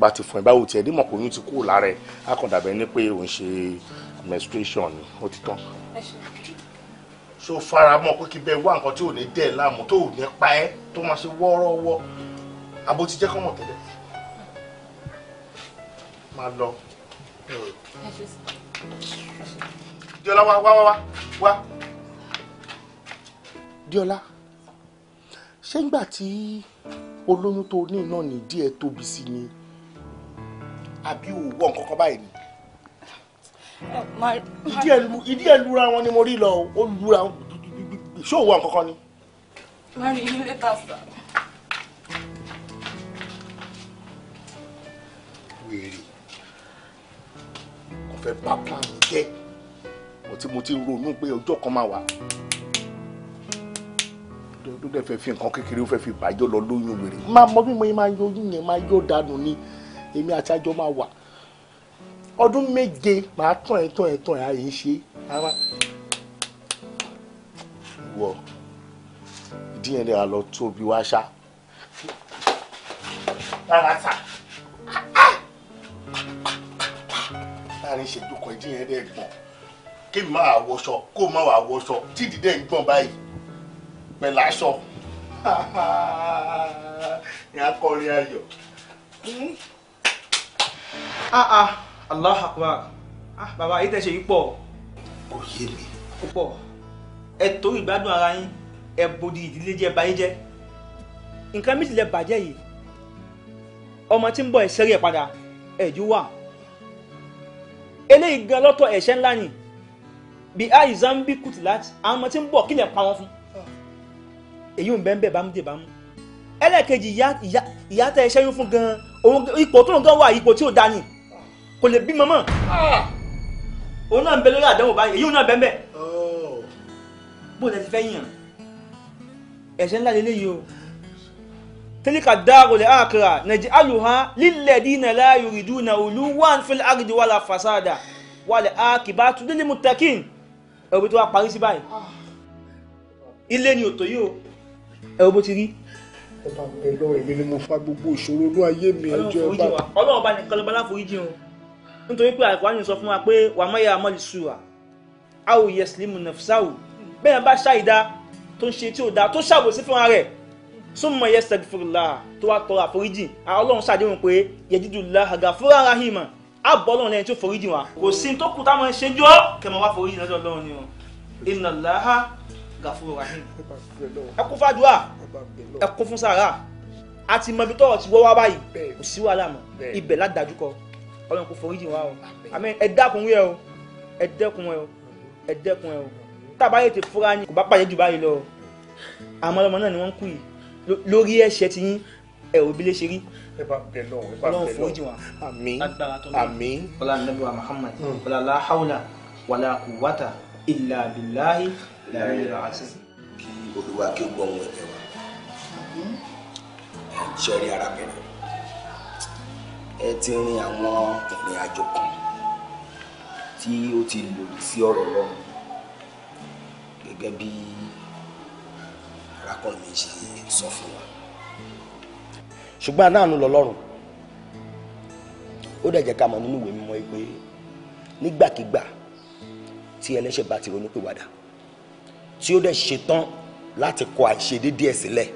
bá ti fún ẹ báwo tiẹ̀ dé mọ̀ pé oyún ti kúrò lára ẹ̀ á kàn dàbẹ̀ ní pé òun ṣe menstruation ni ó ti tán. so faramọ́ pé kí bẹ́ẹ̀ wá nǹkan tí ò ní dẹ̀ láàmú tó ò ní pa ẹ́ tó máa ṣe wọ́ọ́rọ́wọ́ abo ti jẹ́ kọ́mọ̀ tẹ́lẹ̀ máa lọ. Diola wá wá wá wá. Diola ṣé ńgbà tí olóyún tó ní náà ní díẹ̀ tóbi sí ni àbí òwò nǹkankan báyìí ni. ìdí ẹ̀ lura wọn ni mo rí lọ ó lura ṣé òwò nǹkankan ni. má rí yín lẹ́tà sá. wèrè kò fẹ́ bá plan mi jẹ́ mo ti mo ti ronú pé ọjọ́ kan máa wà ló dẹ̀ fẹ́ fi nǹkan kékeré ó fẹ́ fi bàjọ́ lọ lóyún wèrè máa mọ bí mo yẹn máa yọ oyún yẹn máa yọ dànù ni èmi àti àjọ máa wà ọdún méje màá tàn ẹ́ tàn ẹ́ tàn ẹ́ àyè ṣe ara wọ ìdí yẹn a lọ tóbi wá ṣá. rárá sà láàrin ìṣẹ́jú kan ìdí yẹn lè gbọ̀n kí n máa wọṣọ kó máa wà wọṣọ tí ìdí dẹ́ ń gbọ̀n báyìí pẹ̀lú aṣọ ní akọrin ayọ̀. Hmm? Ah, ah. Allahu Akbar ah, bàbá yìí tẹ̀sẹ̀ yìí pọ̀. kò yé mi. ó pọ̀ ẹ torí ìgbádùn ara yín ẹ bòdì ìdílé jẹ́ báyé jẹ́ nǹkan méjì lẹ bàjẹ́ yìí ọmọ tí ń bọ̀ ẹ̀sẹ̀ rẹ̀ padà ẹ̀jú wà eléyìí gan lọ́tọ̀ ẹ̀ṣẹ̀ ńlá ni bí àìsàn bí kùtìláàtì àwọn ọmọ tí ń bọ̀ kílẹ̀ pa wọn fún un èyí ò ń bẹ́ẹ̀ bẹ́ẹ̀ bá mú dè bá mú ẹlẹ́ẹ̀kejì ìyá tẹ ṣẹ́yún fún gan òun ipò tó ń gan wà ipò tí ò da ni kò lè bímọ mọ́ òun náà ń bẹ lórí àdánwò báyìí èyí ò náà bẹ́ẹ̀ bẹ́ẹ̀ bó lẹ ti fẹ́ yàn ẹ̀ṣẹ̀ ńlá lélẹ́yìí o tilka dáàrò lè àkàrà nàìjí àlùhà lílẹ̀ dínà láàyò ìdú na òlú wàn fílẹ̀ àgìdì wàlà fàsádà wàlà àkìbá tún délé mutakin ẹ̀rù tó wà parí sí báyìí ilé ni òtò yìí o ẹ wo bó ti rí. ẹ bá bẹ èmi ni mo fa gbogbo ìṣòro inú ayé mi ẹjọ́ ẹ bá. ọlọ́run bá kọlọ́ba aláforíjì o nítorí pé àkọ́wá yìí sọ fún wa pé wà á mọ̀ yà á mọ̀ lè sùúrà a ò yẹ sílímù nàfṣáwù bẹ́ẹ̀ bá ṣàìdá tó ń ṣe tí ò dáa tó ṣàbòsí fúnra rẹ̀ súnmọ́ yẹ sẹ́gifúrúlá tó wá tọrọ àforíjì ọlọ́run ṣàdéhùn pé yẹjúdù láhàgà fúnra rahima àbọ̀lọ́run lẹ́yìn tó foríjì wa kò sí tó kù táwọn ṣe jọ́ kẹmọ́ wá foríjì lọ́jọ́ ọlọ́run ni o ìnàláha gafuru fàdúrà ẹ fún sàrà a ti mọ ibi ti wọ́ báyìí kò sí wàhálà mọ́ ibẹ̀ ládàájú kọ ọlọ́run kò foríjì wá o àmín ẹ dákun o ẹ dẹ́kun o ẹ dẹ́kun o tábàáyé ti fúra yín kò bá pàdé jù báyìí lọ àmọ́ ọlọ́mọ náà ni wọ́n ń kú yìí lórí ẹ̀ṣẹ̀ ti yín ẹ ò bí lè ṣe rí ọlọ́run foríjì wá àmín àmín ọlá nàbẹ̀wá Muhammad hmm. ọlá la hawla wàlá illa billahi kí olúwa kí ó gbọ́ ohun ẹ̀bẹ̀ wa ṣe rí ara bẹ̀rẹ̀ ẹ ti rin àwọn ìrìn àjò kan tí ó ti lòdì sí ọ̀rọ̀ lọ́run gẹ́gẹ́ bí arákùnrin mi ṣe sọ fún wa. ṣùgbọ́n aláàánú lọ́lọ́run ó dẹ̀ ká mọ̀ nínú ìwé mímọ́ yìí pé nígbàkigbà tí ẹlẹ́ṣẹ̀ bá ti ronú pìwàdà tí ó dẹ̀ ṣetán láti kọ àìṣedéédé ẹ̀ sílẹ̀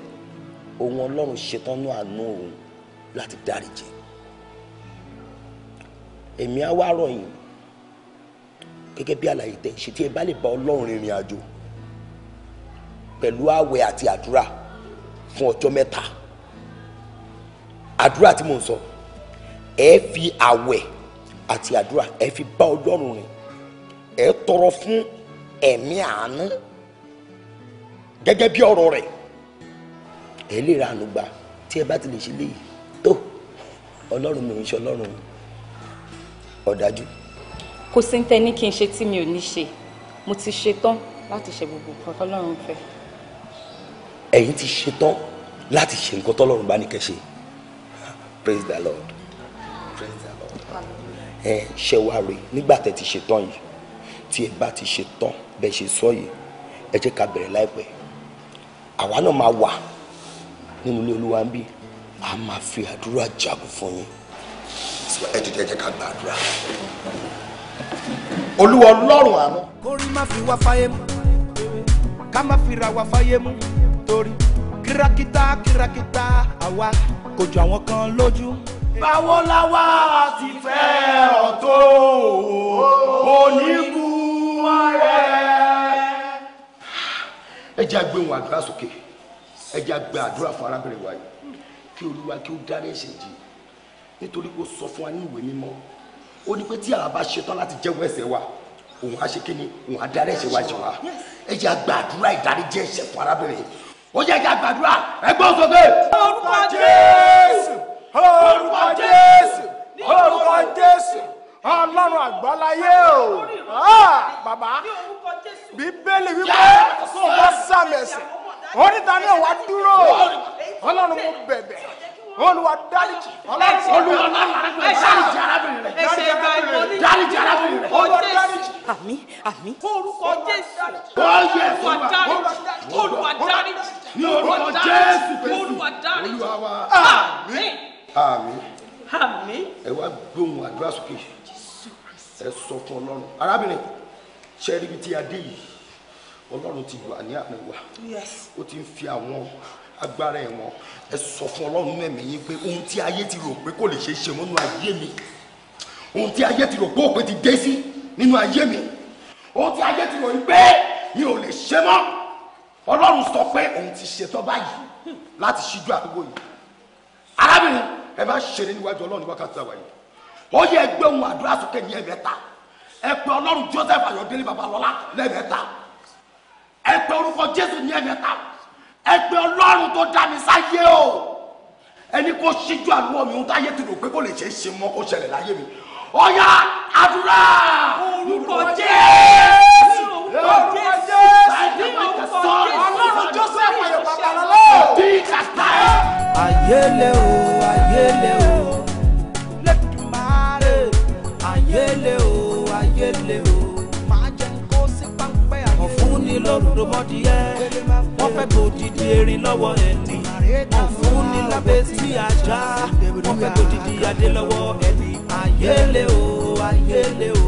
òun ọlọ́run ṣetán ní àánú òun láti dáríjì èmi á wá rọ̀ yín gẹ́gẹ́ bí àlàyé tẹ̀ ṣe tí ẹ bá lè bá ọlọ́run rìnrìn àjò pẹ̀lú àwẹ̀ àti àdúrà fún ọjọ́ mẹ́ta àdúrà tí mò ń sọ ẹ fi àwẹ̀ àti àdúrà ẹ fi bá ọlọ́run rìn ẹ tọrọ fún ẹ̀mí àánú gẹ́gẹ́ bí ọ̀rọ̀ rẹ̀ ẹ lè ra ànúgbà tí ẹ bá ti lè ṣe léyìí tó ọlọ́run mi ò ń ṣe ọlọ́run ọ̀dájú. kò sí tẹ ní kí n ṣe tí mi ò ní ṣe mo ti ṣe tán láti ṣe gbogbo nǹkan tọ́lọ́run fẹ́. ẹ̀yin ti ṣe tán láti ṣe nǹkan tọ́lọ́run bá ní kẹ́ ṣe praise the lord praise the lord ẹ ṣe wá rè nígbà tẹ́ ti ṣe tán yìí tí ẹ bá ti ṣe tán ṣe sọ yìí ẹ jẹ́ ká bẹ̀rẹ̀ láìpẹ́ àwa náà máa wà nínú ilé olúwa ń bí a máa fi àdúrà jagun fún yín. ẹ jẹ́ jẹ́ ká gba àdúrà. olúwa ọlọ́run àánú. kórìí má fi wá fáyé mu ká má fi ra wá fáyé mu torí kírakítá kírakítá àwa kò jọ àwọn kan lójú báwo la wá ti fẹ́ ọ̀tọ̀ onígun ọ̀rẹ́ jẹ́ agbóhùn àdúrà sókè ẹ jẹ́ agbẹ́ àdúrà fún arábìnrin wa yìí kí olúwa kí ó dárí ẹ̀ṣẹ̀ jì nítorí kó sọ fún wa ní ìwé mímọ́ ó ní pé tí àwa bá ṣetán láti jẹ́wọ́ ẹ̀ṣẹ̀ wa òun á ṣe kí ni òun á dárí ẹ̀ṣẹ̀ wa jì wá ẹ jẹ́ agbẹ́ àdúrà ìdáríjì ẹ̀ṣẹ̀ fún arábìnrin ó jẹ́ ká gbàdúrà ẹgbẹ́ òsókè. orúkọ jésù orúkọ jésù orúkọ jésù ọlọ́run àgbáláyé o ah, bàbá bíbélì wípé wọ́n sàmì ẹ̀sìn oríta náà wá dúró ọlọ́run mo bẹ̀bẹ̀ olùwà dáríjì olùwà dáríjì arábìnrin rẹ dáríjì arábìnrin rẹ olùwà dáríjì. àmín àmín. orúkọ jésù olùwà dáríjì olùwà dáríjì olùwà dáríjì olùwà dáríjì àmín. àmín. àmín. ẹ wá gbóhùn àdúrà sókè ẹ sọ fún ọlọ́run arábìnrin ṣe rí ibi tí a dé yìí ọlọ́run ti wà ní àmì wa ó ti ń fi àwọn agbára ẹ̀ wọ̀n ẹ sọ fún ọlọ́run mẹ́mí yín pé ohun tí ayé ti rò pé kò lè ṣe é ṣe nínú ayé mi ohun tí ayé ti rò pé òpin ti dé sí nínú ayé mi ohun tí ayé ti rò yín pé mi ò lè ṣe mọ́ ọlọ́run sọ pé òun ti ṣetán báyìí láti ṣíjú àdúgbò yìí arábìnrin ẹ bá ṣeré níwájú ọlọ́run ní wákàtí àwàyè ó yẹ gbé ohun àdúrà sókè ní ẹ̀mẹ́ta ẹ pè ọlọ́run Joseph Ayọ̀délé Babalọ́lá lẹ́mẹ́ta ẹ pè orúkọ Jésù ní ẹ̀mẹ́ta ẹ pè ọlọ́run tó dá mi sáyé o ẹni kó ṣíjú àlùwọ̀ mi ohun táyé ti rò pé kò lè ṣe é ṣe mọ́ kó ṣẹlẹ̀ láyé mi ó yá àdúrà. orúkọ Jésù orúkọ Jésù orúkọ Jésù ọlọ́run Joseph Ayọ̀délé Babalọ́lá. ayé lè o ayé lè o. lóru romọdìyẹ wọ́n fẹ́ gbòdìdì erin lọ́wọ́ ẹni òfun ní lábẹ́ sí ajá wọ́n fẹ́ gbòdìdì adé lọ́wọ́ ẹni ayélé o ayélé o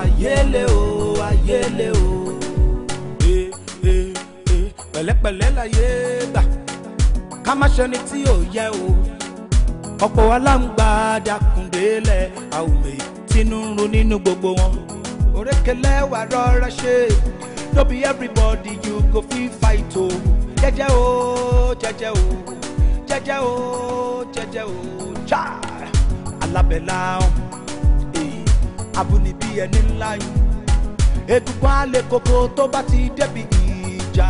ayélé o ayélé o pẹ̀lẹ́pẹ̀lẹ́ láyé gbà ká má ṣẹni tí ò yẹ o ọ̀pọ̀ aláǹgbá dakùndélẹ̀ àwùmẹ̀ tínú ń ro nínú gbogbo wọn orekele wa rọra ṣe no be everybody you go fit fight o jẹjẹ o jẹjẹ o jẹjẹ o jẹjẹ o ja alabẹla ee abunibi ẹni ńlá yìí egungun alẹ koko tó bá ti débi ìjà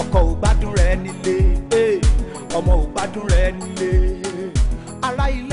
ọkọ ò gbádùn rẹ nílé ọmọ ò gbádùn rẹ nílé ara ilé.